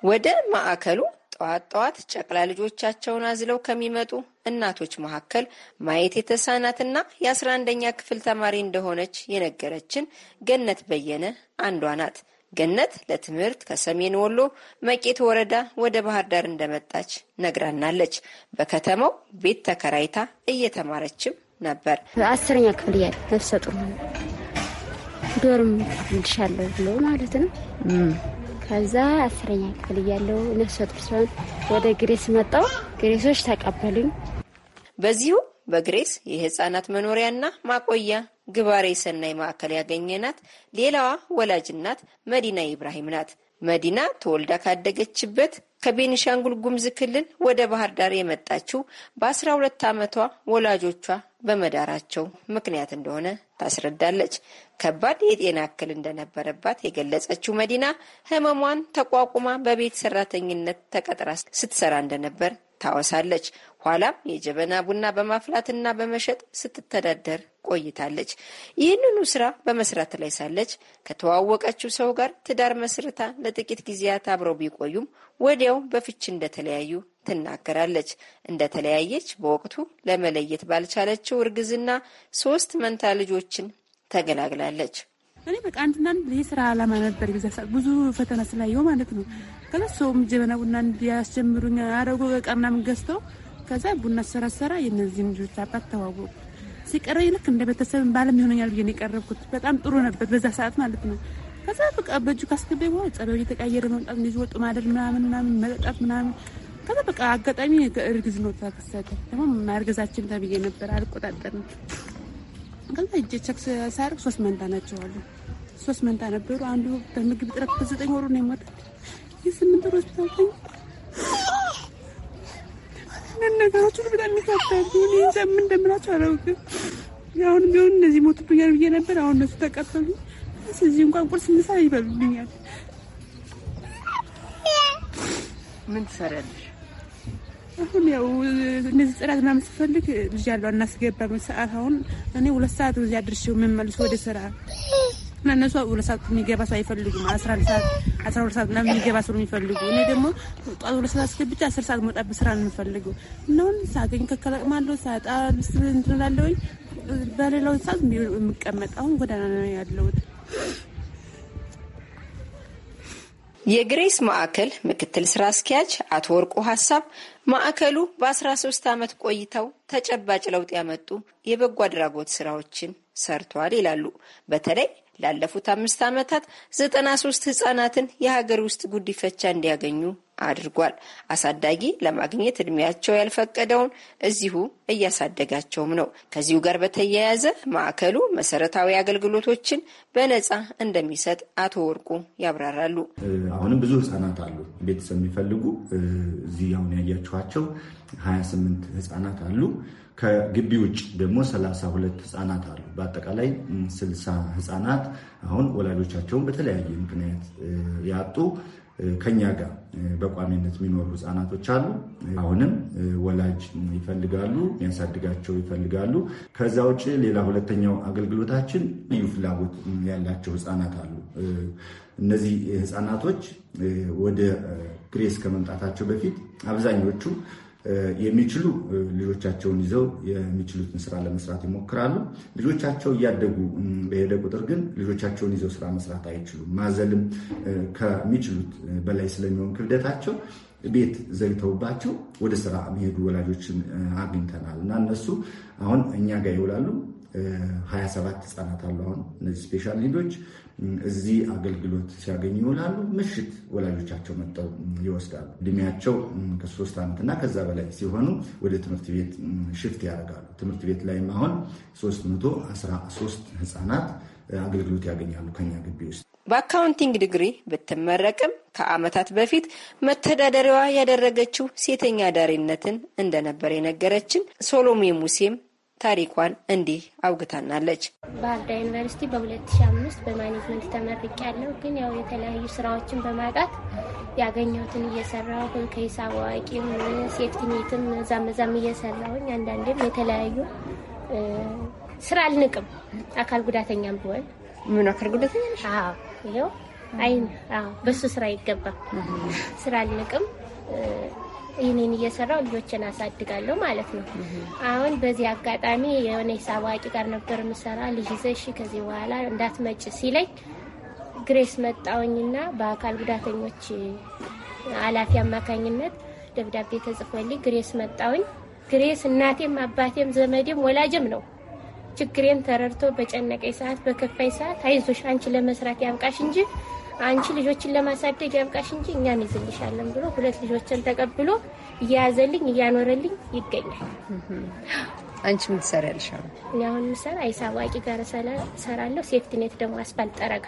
ወደ ማዕከሉ ጠዋት ጠዋት ጨቅላ ልጆቻቸውን አዝለው ከሚመጡ እናቶች መካከል ማየት የተሳናትና የአስራ አንደኛ ክፍል ተማሪ እንደሆነች የነገረችን ገነት በየነ አንዷ ናት። ገነት ለትምህርት ከሰሜን ወሎ መቄት ወረዳ ወደ ባህር ዳር እንደመጣች ነግራናለች። በከተማው ቤት ተከራይታ እየተማረችም ነበር። አስረኛ ክፍል እያለ ነፍሰጡ ዶርም እንድሻለሁ ብሎ ማለት ነው ከዛ አስረኛ ክፍል እያለሁ ነፍሰ ሲሆን ወደ ግሬስ መጣሁ። ግሬሶች ተቀበሉኝ። በዚሁ በግሬስ የህፃናት መኖሪያና ማቆያ ግባሬ ሰናይ ማዕከል ያገኘናት ሌላዋ ወላጅ እናት መዲና ኢብራሂም ናት። መዲና ተወልዳ ካደገችበት ከቤኒሻንጉል ጉምዝ ክልል ወደ ባህር ዳር የመጣችው በአስራ ሁለት ዓመቷ ወላጆቿ በመዳራቸው ምክንያት እንደሆነ ታስረዳለች። ከባድ የጤና እክል እንደነበረባት የገለጸችው መዲና ህመሟን ተቋቁማ በቤት ሰራተኝነት ተቀጥራ ስትሰራ እንደነበር ታወሳለች። ኋላም የጀበና ቡና በማፍላትና በመሸጥ ስትተዳደር ቆይታለች። ይህንኑ ስራ በመስራት ላይ ሳለች ከተዋወቀችው ሰው ጋር ትዳር መስርታ ለጥቂት ጊዜያት አብረው ቢቆዩም ወዲያው በፍች እንደተለያዩ ትናገራለች። እንደተለያየች በወቅቱ ለመለየት ባልቻለችው እርግዝና ሶስት መንታ ልጆችን ተገላግላለች። እኔ በቃ አንድናን የስራ ዓላማ ነበር በዛ ብዙ ፈተና ስላየው ማለት ነው። ከዛ ሰውም ጀበና ቡና እንዲያስጀምሩኝ አረጎ በቃ ምናምን ገዝተው ከዛ ቡና ስራ ስራ የነዚህ ልጆች አባት ተዋወቁ። ሲቀረኝ ልክ እንደ ቤተሰብ ባለም ይሆነኛል ብዬ የቀረብኩት። በጣም ጥሩ ነበር በዛ ሰዓት ማለት ነው። ከዛ በቃ በእጁ ካስገባ በኋላ ጸበ እየተቀየረ መምጣት ልጅ ወጡ ማደር ምናምን ምናምን መጠጣት ምናምን ከዛ በቃ አጋጣሚ ነው ተከሰተ። ደግሞ ማርገዛችን ተብዬ ነበር አልቆጣጠርም እንቅልፍ እጅ ቸክ ሳያርግ ሶስት መንታ ናቸው አሉ። ሶስት መንታ ነበሩ። አንዱ በምግብ እጥረት በዘጠኝ ወሩ ነው የሞተ። የስምንት ወር ሆስፒታል ተኝ ነገሮች ሁሉ በጣም ይከብዳሉ። እኔ እንጃ ምን እንደምላቸው አላውቅም። አሁን ቢሆን እነዚህ ሞቱብኛል ብዬ ነበር። አሁን እነሱ ተቀበሉ። እዚህ እንኳን ቁርስ፣ ምሳ ይበሉብኛል። ምን ትሰሪያለሽ? አሁን ያው እነዚህ ጽዳት ምናምን ስፈልግ ልጅ ያለው እናስገባም ሰዓት አሁን እኔ ሁለት ሰዓት እዚያ ድርሽ የምመልሱ ወደ ስራ እና እነሱ ሁለት ሰዓት የሚገባ ሰው አይፈልጉም። አስራ አንድ ሰዓት አስራ ሁለት ሰዓት ምናምን የሚገባ ሰው የሚፈልጉ እኔ ደግሞ ጠዋት ሁለት ሰዓት አስገብቼ አስር ሰዓት መውጣት ስራ ነው የምፈልገው። እናሁን ሳገኝ ከከለቅማለሁ ሳጣ ስ እንትንላለሁኝ በሌላው ሰዓት የምቀመጥ አሁን ጎዳና ነው ያለሁት። የግሬስ ማዕከል ምክትል ስራ አስኪያጅ አቶ ወርቁ ሀሳብ ማዕከሉ በ13 ዓመት ቆይተው ተጨባጭ ለውጥ ያመጡ የበጎ አድራጎት ስራዎችን ሰርቷል ይላሉ። በተለይ ላለፉት አምስት ዓመታት 93 ህጻናትን የሀገር ውስጥ ጉዲፈቻ እንዲያገኙ አድርጓል። አሳዳጊ ለማግኘት እድሜያቸው ያልፈቀደውን እዚሁ እያሳደጋቸውም ነው። ከዚሁ ጋር በተያያዘ ማዕከሉ መሰረታዊ አገልግሎቶችን በነጻ እንደሚሰጥ አቶ ወርቁ ያብራራሉ። አሁንም ብዙ ህጻናት አሉ ቤተሰብ የሚፈልጉ እዚህ አሁን ያያችኋቸው 28 ህጻናት አሉ። ከግቢ ውጭ ደግሞ 32 ህጻናት አሉ። በአጠቃላይ 60 ህጻናት አሁን ወላጆቻቸውን በተለያየ ምክንያት ያጡ ከኛ ጋር በቋሚነት የሚኖሩ ህፃናቶች አሉ። አሁንም ወላጅ ይፈልጋሉ፣ የሚያሳድጋቸው ይፈልጋሉ። ከዛ ውጭ ሌላ ሁለተኛው አገልግሎታችን ልዩ ፍላጎት ያላቸው ህፃናት አሉ። እነዚህ ህፃናቶች ወደ ግሬስ ከመምጣታቸው በፊት አብዛኞቹ የሚችሉ ልጆቻቸውን ይዘው የሚችሉትን ስራ ለመስራት ይሞክራሉ። ልጆቻቸው እያደጉ በሄደ ቁጥር ግን ልጆቻቸውን ይዘው ስራ መስራት አይችሉም። ማዘልም ከሚችሉት በላይ ስለሚሆን ክብደታቸው ቤት ዘግተውባቸው ወደ ስራ የሚሄዱ ወላጆችን አግኝተናል እና እነሱ አሁን እኛ ጋር ይውላሉ። 27 ህጻናት አሉ። አሁን እነዚህ ስፔሻል ኒዶች እዚህ አገልግሎት ሲያገኙ ይውላሉ። ምሽት ወላጆቻቸው መጠው ይወስዳሉ። እድሜያቸው ከሶስት ዓመትና ከዛ በላይ ሲሆኑ ወደ ትምህርት ቤት ሽፍት ያደርጋሉ። ትምህርት ቤት ላይም አሁን 313 ህጻናት አገልግሎት ያገኛሉ ከኛ ግቢ ውስጥ። በአካውንቲንግ ዲግሪ ብትመረቅም ከዓመታት በፊት መተዳደሪያዋ ያደረገችው ሴተኛ አዳሪነትን እንደነበር የነገረችን ሶሎሜ ሙሴም ታሪኳን እንዲህ አውግታናለች። ባህር ዳር ዩኒቨርሲቲ በ2005 በማኔጅመንት ተመርቅ ያለው ግን ያው የተለያዩ ስራዎችን በማጣት ያገኘሁትን እየሰራሁ ከሂሳብ አዋቂ ሴፍቲኔትም ዛም ዛም እየሰራሁኝ አንዳንዴም የተለያዩ ስራ አልንቅም። አካል ጉዳተኛም ብሆን ምን አካል ጉዳተኛ ይኸው አይ በሱ ስራ ይገባ ስራ አልንቅም ይህንን እየሰራው ልጆችን አሳድጋለሁ ማለት ነው። አሁን በዚህ አጋጣሚ የሆነ ሂሳብ አዋቂ ጋር ነበር የምሰራ ልጅ ይዘሽ ከዚህ በኋላ እንዳትመጭ ሲለኝ ግሬስ መጣውኝና በአካል ጉዳተኞች ኃላፊ አማካኝነት ደብዳቤ ተጽፎልኝ ግሬስ መጣውኝ። ግሬስ እናቴም አባቴም ዘመዴም ወላጅም ነው። ችግሬን ተረድቶ በጨነቀኝ ሰዓት፣ በከፋኝ ሰዓት አይዞሽ አንቺ ለመስራት ያብቃሽ እንጂ አንቺ ልጆችን ለማሳደግ ያብቃሽ እንጂ እኛ እንይዝልሻለን ብሎ ሁለት ልጆችን ተቀብሎ እየያዘልኝ እያኖረልኝ ይገኛል። አንቺ ምን ትሰሪያለሽ? እኔ አሁን ምሰራ ሂሳብ ጋር ሰራለሁ። ሴፍቲኔት ደግሞ አስፋልት ጠረጋ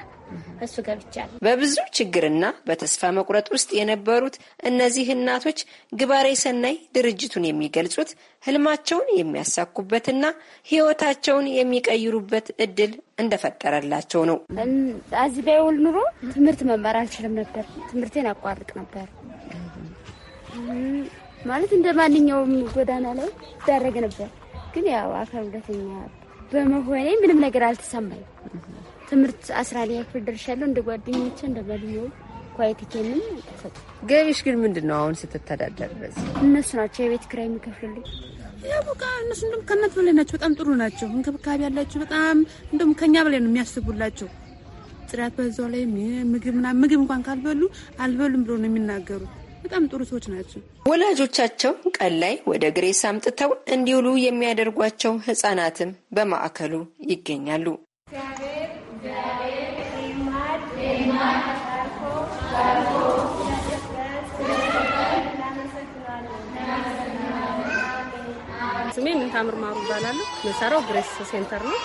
እሱ ገብቻለሁ። በብዙ ችግርና በተስፋ መቁረጥ ውስጥ የነበሩት እነዚህ እናቶች ግባሬ ሰናይ ድርጅቱን የሚገልጹት ህልማቸውን የሚያሳኩበትና ህይወታቸውን የሚቀይሩበት እድል እንደፈጠረላቸው ነው። እዚህ ባይውል ኑሮ ትምህርት መማር አልችልም ነበር። ትምህርቴን አቋርጥ ነበር ማለት እንደ ማንኛውም ጎዳና ላይ ይዳረግ ነበር ግን ያው አካል ጉዳተኛ በመሆኔ ምንም ነገር አልተሰማኝ። ትምህርት አስራ ላይ ክፍል ደርሻለሁ። እንደ ጓደኞቼ እንደ ባልዮ ኳይቲኬንም ገቢሽ ግን ምንድን ነው አሁን ስትተዳደር? በዚህ እነሱ ናቸው የቤት ኪራይ የሚከፍልልኝ። ያቡቃ እነሱ እንደውም ከእናት በላይ ናቸው። በጣም ጥሩ ናቸው። እንክብካቤ ያላቸው በጣም እንደውም ከኛ በላይ ነው የሚያስቡላቸው። ጽዳት በዛው ላይ ምግብ ምናምን ምግብ እንኳን ካልበሉ አልበሉም ብሎ ነው የሚናገሩት በጣም ጥሩ ሰዎች ናቸው። ወላጆቻቸው ቀን ላይ ወደ ግሬስ አምጥተው እንዲውሉ የሚያደርጓቸው ህጻናትም በማዕከሉ ይገኛሉ። ስሜ ምንታምር ማሩ እባላለሁ። የምሰራው ግሬስ ሴንተር ነው።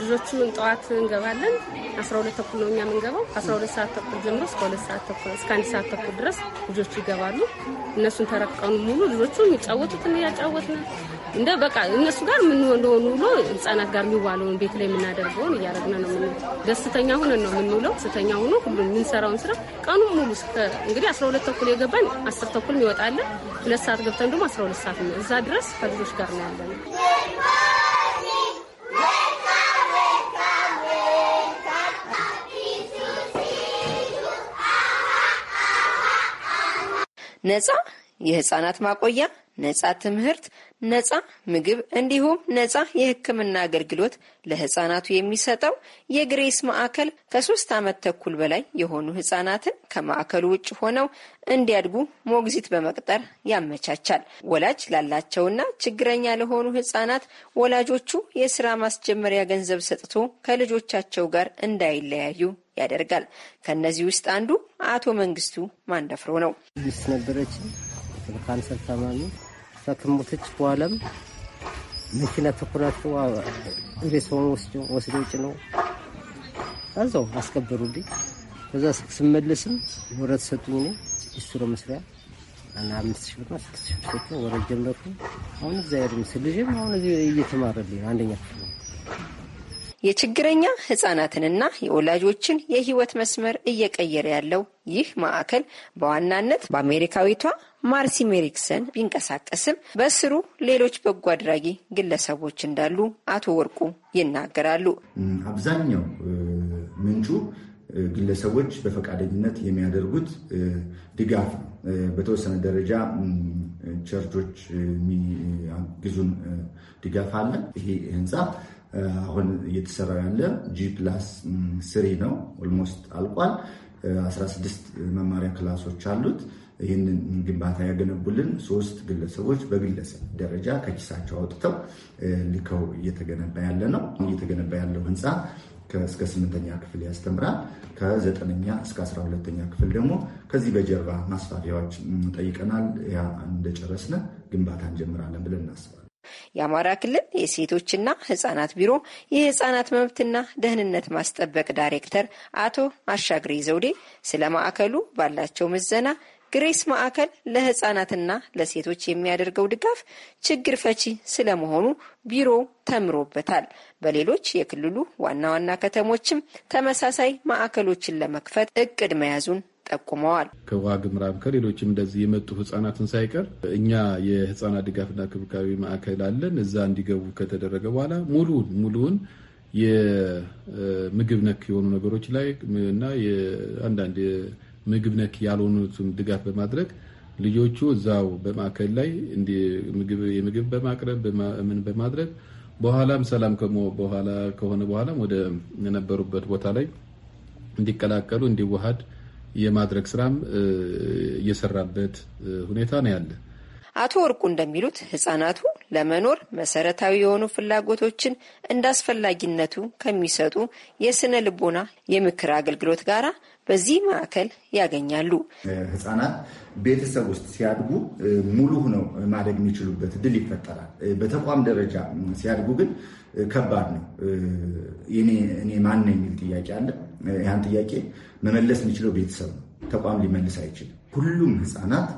ልጆቹን ጠዋት እንገባለን። አስራ ሁለት ተኩል ነው እኛ የምንገባው። ከአስራ ሁለት ሰዓት ተኩል ጀምሮ እስከ ሁለት ሰዓት ተኩል እስከ አንድ ሰዓት ተኩል ድረስ ልጆቹ ይገባሉ። እነሱን ተረቀኑ ሙሉ ልጆቹ የሚጫወቱትን እያጫወትን እንደ በቃ እነሱ ጋር ምን እንደሆኑ ውሎ ህጻናት ጋር የሚዋለውን ቤት ላይ የምናደርገውን እያደረግን ነው። ምን ደስተኛ ሁነን ነው የምንውለው። ደስተኛ ሁኖ ሁሉ የምንሰራውን ስራ ቀኑ ሙሉ እንግዲህ አስራ ሁለት ተኩል የገባን አስር ተኩል ይወጣለን። ሁለት ሰዓት ገብተን ደግሞ አስራ ሁለት ሰዓት ነው እዛ ድረስ ከልጆች ጋር ነው ያለነው። ነጻ የህፃናት ማቆያ፣ ነጻ ትምህርት፣ ነጻ ምግብ እንዲሁም ነጻ የሕክምና አገልግሎት ለህጻናቱ የሚሰጠው የግሬስ ማዕከል ከሶስት ዓመት ተኩል በላይ የሆኑ ህጻናትን ከማዕከሉ ውጭ ሆነው እንዲያድጉ ሞግዚት በመቅጠር ያመቻቻል። ወላጅ ላላቸውና ችግረኛ ለሆኑ ህጻናት ወላጆቹ የስራ ማስጀመሪያ ገንዘብ ሰጥቶ ከልጆቻቸው ጋር እንዳይለያዩ ያደርጋል። ከእነዚህ ውስጥ አንዱ አቶ መንግስቱ ማንደፍሮ ነው። ነበረች ካንሰር ታማሚ ከከሙትች በኋላም መኪና ተኩራት ሬሳውን ወስደው ጭነው እዛው አስቀበሩልኝ። ከዛ ስመለስም ወረት ሰጡኝ። እኔ ስድስት መስሪያ እና አምስት ሺህ ብር ስድስት ሺህ ብር ሰጡኝ። ወረት ጀመርኩ። አሁን እግዚአብሔር ይመስገን አሁን እየተማረልኝ አንደኛ የችግረኛ ህጻናትንና የወላጆችን የህይወት መስመር እየቀየረ ያለው ይህ ማዕከል በዋናነት በአሜሪካዊቷ ማርሲም ኤሪክሰን ቢንቀሳቀስም በስሩ ሌሎች በጎ አድራጊ ግለሰቦች እንዳሉ አቶ ወርቁ ይናገራሉ። አብዛኛው ምንጩ ግለሰቦች በፈቃደኝነት የሚያደርጉት ድጋፍ ነው። በተወሰነ ደረጃ ቸርቾች የሚያግዙን ድጋፍ አለ። ይሄ ህንፃ አሁን እየተሰራ ያለ ጂ ፕላስ ስሪ ነው። ኦልሞስት አልቋል። 16 መማሪያ ክላሶች አሉት። ይህንን ግንባታ ያገነቡልን ሶስት ግለሰቦች በግለሰብ ደረጃ ከኪሳቸው አውጥተው ልከው እየተገነባ ያለ ነው። እየተገነባ ያለው ህንፃ እስከ ስምንተኛ ክፍል ያስተምራል። ከዘጠነኛ እስከ አስራ ሁለተኛ ክፍል ደግሞ ከዚህ በጀርባ ማስፋፊያዎች ጠይቀናል። ያ እንደጨረስነ ግንባታ እንጀምራለን ብለን እናስባል። የአማራ ክልል የሴቶችና ህጻናት ቢሮ የህጻናት መብትና ደህንነት ማስጠበቅ ዳይሬክተር አቶ አሻግሬ ዘውዴ ስለ ማዕከሉ ባላቸው ምዘና ግሬስ ማዕከል ለህጻናትና ለሴቶች የሚያደርገው ድጋፍ ችግር ፈቺ ስለመሆኑ ቢሮ ተምሮበታል። በሌሎች የክልሉ ዋና ዋና ከተሞችም ተመሳሳይ ማዕከሎችን ለመክፈት እቅድ መያዙን ጠቁመዋል። ከዋግ ምራም ከሌሎችም እንደዚህ የመጡ ህጻናትን ሳይቀር እኛ የህጻናት ድጋፍና ክብካቤ ማዕከል አለን። እዛ እንዲገቡ ከተደረገ በኋላ ሙሉውን ሙሉውን የምግብ ነክ የሆኑ ነገሮች ላይ እና አንዳንድ ምግብ ነክ ያልሆኑትም ድጋፍ በማድረግ ልጆቹ እዛው በማዕከል ላይ የምግብ በማቅረብ ምን በማድረግ በኋላም ሰላም በኋላ ከሆነ በኋላም ወደ ነበሩበት ቦታ ላይ እንዲቀላቀሉ እንዲዋሃድ የማድረግ ስራም እየሰራበት ሁኔታ ነው ያለ። አቶ ወርቁ እንደሚሉት ህጻናቱ ለመኖር መሰረታዊ የሆኑ ፍላጎቶችን እንዳስፈላጊነቱ ከሚሰጡ የስነ ልቦና የምክር አገልግሎት ጋራ በዚህ ማዕከል ያገኛሉ። ህጻናት ቤተሰብ ውስጥ ሲያድጉ ሙሉ ሆነው ማደግ የሚችሉበት ድል ይፈጠራል። በተቋም ደረጃ ሲያድጉ ግን ከባድ ነው። እኔ ማን ነው የሚል ጥያቄ አለ። ያን ጥያቄ መመለስ የሚችለው ቤተሰብ ነው። ተቋም ሊመልስ አይችልም። ሁሉም ህጻናት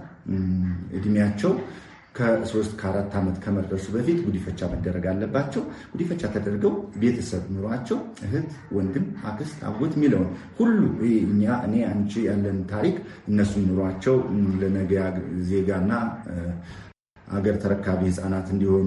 እድሜያቸው ከሶስት ከአራት ዓመት ከመድረሱ በፊት ጉዲፈቻ መደረግ አለባቸው። ጉዲፈቻ ተደርገው ቤተሰብ ኑሯቸው እህት፣ ወንድም፣ አክስት፣ አጎት የሚለውን ሁሉ እኛ እኔ አንቺ ያለን ታሪክ እነሱ ኑሯቸው ለነገ ዜጋና አገር ተረካቢ ህጻናት እንዲሆኑ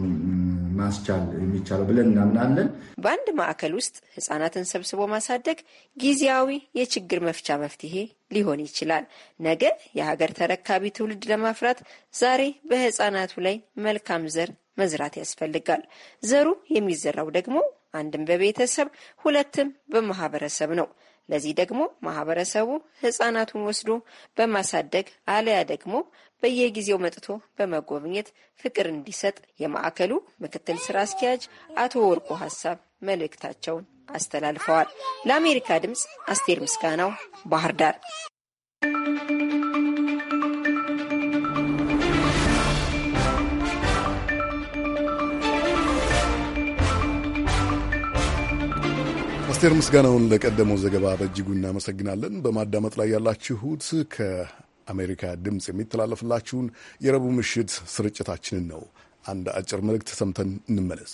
ማስቻል የሚቻለው ብለን እናምናለን። በአንድ ማዕከል ውስጥ ህጻናትን ሰብስቦ ማሳደግ ጊዜያዊ የችግር መፍቻ መፍትሄ ሊሆን ይችላል። ነገ የሀገር ተረካቢ ትውልድ ለማፍራት ዛሬ በህጻናቱ ላይ መልካም ዘር መዝራት ያስፈልጋል። ዘሩ የሚዘራው ደግሞ አንድም በቤተሰብ ሁለትም በማህበረሰብ ነው። ለዚህ ደግሞ ማህበረሰቡ ህጻናቱን ወስዶ በማሳደግ አለያ ደግሞ በየጊዜው መጥቶ በመጎብኘት ፍቅር እንዲሰጥ የማዕከሉ ምክትል ስራ አስኪያጅ አቶ ወርቁ ሀሳብ መልእክታቸውን አስተላልፈዋል። ለአሜሪካ ድምፅ አስቴር ምስጋናው ባህር ዳር አስቴር ምስጋናውን ለቀደመው ዘገባ በእጅጉ እናመሰግናለን። በማዳመጥ ላይ ያላችሁት ከአሜሪካ ድምፅ የሚተላለፍላችሁን የረቡዕ ምሽት ስርጭታችንን ነው። አንድ አጭር መልእክት ሰምተን እንመለስ።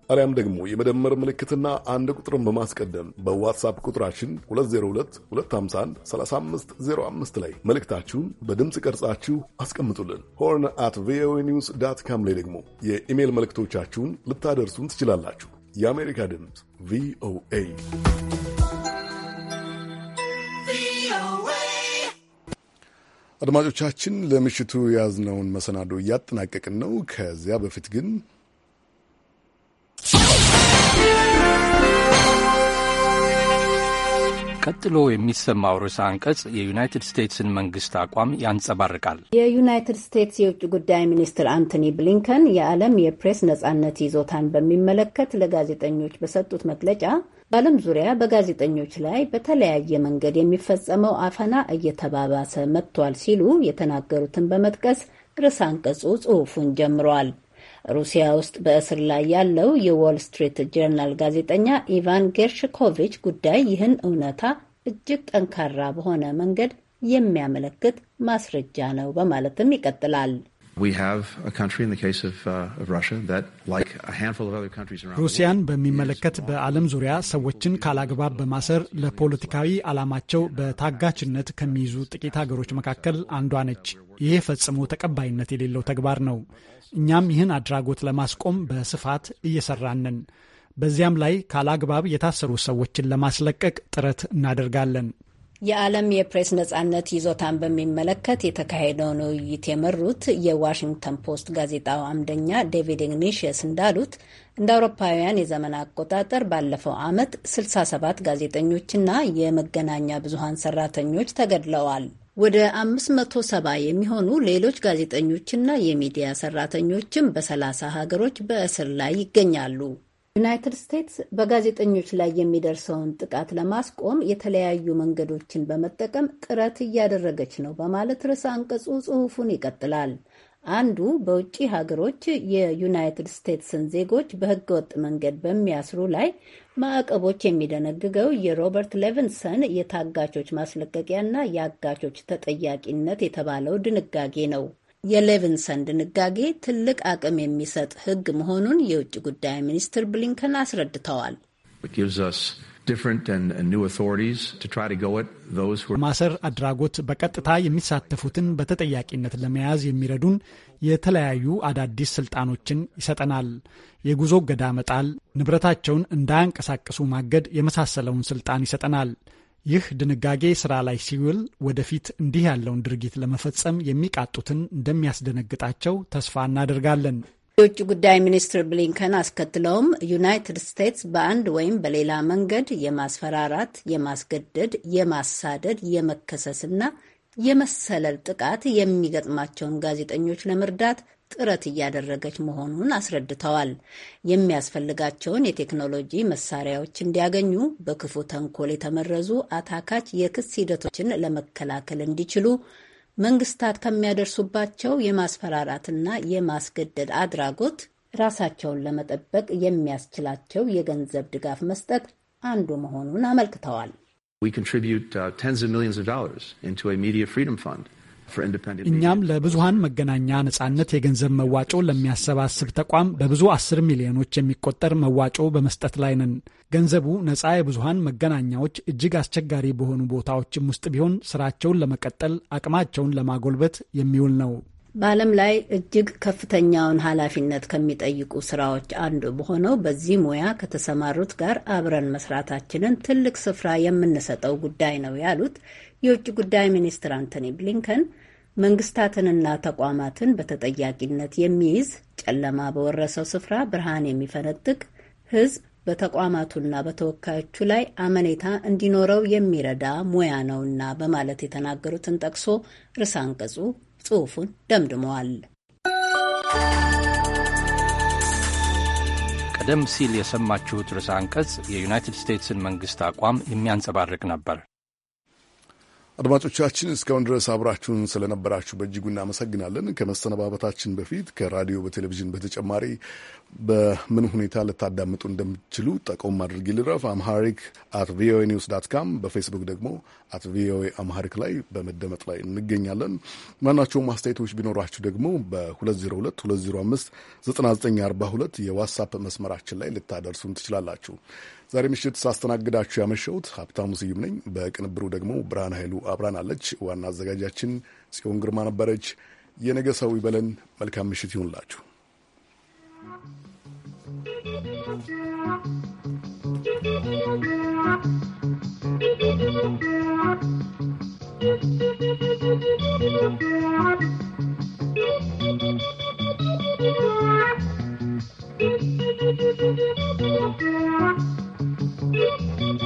አሊያም ደግሞ የመደመር ምልክትና አንድ ቁጥርን በማስቀደም በዋትሳፕ ቁጥራችን 2022513505 ላይ መልእክታችሁን በድምፅ ቀርጻችሁ አስቀምጡልን። ሆርን አት ቪኦኤ ኒውስ ዳት ካም ላይ ደግሞ የኢሜይል መልእክቶቻችሁን ልታደርሱን ትችላላችሁ። የአሜሪካ ድምፅ ቪኦኤ አድማጮቻችን ለምሽቱ የያዝነውን መሰናዶ እያጠናቀቅን ነው። ከዚያ በፊት ግን ቀጥሎ የሚሰማው ርዕሰ አንቀጽ የዩናይትድ ስቴትስን መንግስት አቋም ያንጸባርቃል። የዩናይትድ ስቴትስ የውጭ ጉዳይ ሚኒስትር አንቶኒ ብሊንከን የዓለም የፕሬስ ነጻነት ይዞታን በሚመለከት ለጋዜጠኞች በሰጡት መግለጫ በዓለም ዙሪያ በጋዜጠኞች ላይ በተለያየ መንገድ የሚፈጸመው አፈና እየተባባሰ መጥቷል ሲሉ የተናገሩትን በመጥቀስ ርዕሰ አንቀጹ ጽሑፉን ጀምሯል። ሩሲያ ውስጥ በእስር ላይ ያለው የዎል ስትሪት ጀርናል ጋዜጠኛ ኢቫን ጌርሽኮቪች ጉዳይ ይህን እውነታ እጅግ ጠንካራ በሆነ መንገድ የሚያመለክት ማስረጃ ነው በማለትም ይቀጥላል። uh, ሩሲያን በሚመለከት በዓለም ዙሪያ ሰዎችን ካላግባብ በማሰር ለፖለቲካዊ ዓላማቸው በታጋችነት ከሚይዙ ጥቂት ሀገሮች መካከል አንዷ ነች። ይህ ፈጽሞ ተቀባይነት የሌለው ተግባር ነው። እኛም ይህን አድራጎት ለማስቆም በስፋት እየሰራንን በዚያም ላይ ካላግባብ የታሰሩ ሰዎችን ለማስለቀቅ ጥረት እናደርጋለን። የዓለም የፕሬስ ነጻነት ይዞታን በሚመለከት የተካሄደውን ውይይት የመሩት የዋሽንግተን ፖስት ጋዜጣው አምደኛ ዴቪድ ኢግኒሽየስ እንዳሉት እንደ አውሮፓውያን የዘመን አቆጣጠር ባለፈው ዓመት 67 ጋዜጠኞችና የመገናኛ ብዙሃን ሰራተኞች ተገድለዋል። ወደ 570 የሚሆኑ ሌሎች ጋዜጠኞችና የሚዲያ ሰራተኞችም በ30 ሀገሮች በእስር ላይ ይገኛሉ። ዩናይትድ ስቴትስ በጋዜጠኞች ላይ የሚደርሰውን ጥቃት ለማስቆም የተለያዩ መንገዶችን በመጠቀም ጥረት እያደረገች ነው በማለት ርዕሰ አንቀጹ ጽሑፉን ይቀጥላል። አንዱ በውጭ ሀገሮች የዩናይትድ ስቴትስን ዜጎች በህገወጥ መንገድ በሚያስሩ ላይ ማዕቀቦች የሚደነግገው የሮበርት ሌቨንሰን የታጋቾች ማስለቀቂያና የአጋቾች ተጠያቂነት የተባለው ድንጋጌ ነው። የሌቨንሰን ድንጋጌ ትልቅ አቅም የሚሰጥ ህግ መሆኑን የውጭ ጉዳይ ሚኒስትር ብሊንከን አስረድተዋል። ማሰር አድራጎት በቀጥታ የሚሳተፉትን በተጠያቂነት ለመያዝ የሚረዱን የተለያዩ አዳዲስ ስልጣኖችን ይሰጠናል። የጉዞ እገዳ መጣል፣ ንብረታቸውን እንዳያንቀሳቅሱ ማገድ የመሳሰለውን ስልጣን ይሰጠናል። ይህ ድንጋጌ ስራ ላይ ሲውል ወደፊት እንዲህ ያለውን ድርጊት ለመፈጸም የሚቃጡትን እንደሚያስደነግጣቸው ተስፋ እናደርጋለን። የውጭ ጉዳይ ሚኒስትር ብሊንከን አስከትለውም ዩናይትድ ስቴትስ በአንድ ወይም በሌላ መንገድ የማስፈራራት፣ የማስገደድ፣ የማሳደድ፣ የመከሰስና የመሰለል ጥቃት የሚገጥማቸውን ጋዜጠኞች ለመርዳት ጥረት እያደረገች መሆኑን አስረድተዋል። የሚያስፈልጋቸውን የቴክኖሎጂ መሳሪያዎች እንዲያገኙ፣ በክፉ ተንኮል የተመረዙ አታካች የክስ ሂደቶችን ለመከላከል እንዲችሉ መንግስታት ከሚያደርሱባቸው የማስፈራራትና የማስገደድ አድራጎት ራሳቸውን ለመጠበቅ የሚያስችላቸው የገንዘብ ድጋፍ መስጠት አንዱ መሆኑን አመልክተዋል። We contribute uh, tens of millions of dollars into a media freedom fund. እኛም ለብዙሀን መገናኛ ነጻነት የገንዘብ መዋጮ ለሚያሰባስብ ተቋም በብዙ አስር ሚሊዮኖች የሚቆጠር መዋጮ በመስጠት ላይ ነን። ገንዘቡ ነጻ የብዙሀን መገናኛዎች እጅግ አስቸጋሪ በሆኑ ቦታዎችም ውስጥ ቢሆን ስራቸውን ለመቀጠል አቅማቸውን ለማጎልበት የሚውል ነው። በዓለም ላይ እጅግ ከፍተኛውን ኃላፊነት ከሚጠይቁ ስራዎች አንዱ በሆነው በዚህ ሙያ ከተሰማሩት ጋር አብረን መስራታችንን ትልቅ ስፍራ የምንሰጠው ጉዳይ ነው ያሉት የውጭ ጉዳይ ሚኒስትር አንቶኒ ብሊንከን መንግስታትንና ተቋማትን በተጠያቂነት የሚይዝ ጨለማ በወረሰው ስፍራ ብርሃን የሚፈነጥቅ ህዝብ በተቋማቱና በተወካዮቹ ላይ አመኔታ እንዲኖረው የሚረዳ ሙያ ነውና በማለት የተናገሩትን ጠቅሶ ርዕሰ አንቀጹ ጽሑፉን ደምድመዋል። ቀደም ሲል የሰማችሁት ርዕሰ አንቀጽ የዩናይትድ ስቴትስን መንግስት አቋም የሚያንጸባርቅ ነበር። አድማጮቻችን እስካሁን ድረስ አብራችሁን ስለነበራችሁ በእጅጉ እናመሰግናለን። ከመሰነባበታችን በፊት ከራዲዮ በቴሌቪዥን በተጨማሪ በምን ሁኔታ ልታዳምጡ እንደምትችሉ ጠቆም አድርጊ ልረፍ። አምሃሪክ አት ቪኦኤ ኒውስ ዳት ካም፣ በፌስቡክ ደግሞ አት ቪኦኤ አምሃሪክ ላይ በመደመጥ ላይ እንገኛለን። ማናቸውም አስተያየቶች ቢኖራችሁ ደግሞ በ2022059942 የዋትሳፕ መስመራችን ላይ ልታደርሱን ትችላላችሁ። ዛሬ ምሽት ሳስተናግዳችሁ ያመሸሁት ሀብታሙ ስዩም ነኝ። በቅንብሩ ደግሞ ብርሃን ኃይሉ አብራናለች። ዋና አዘጋጃችን ጽዮን ግርማ ነበረች። የነገ ሰው ይበለን። መልካም ምሽት ይሁንላችሁ።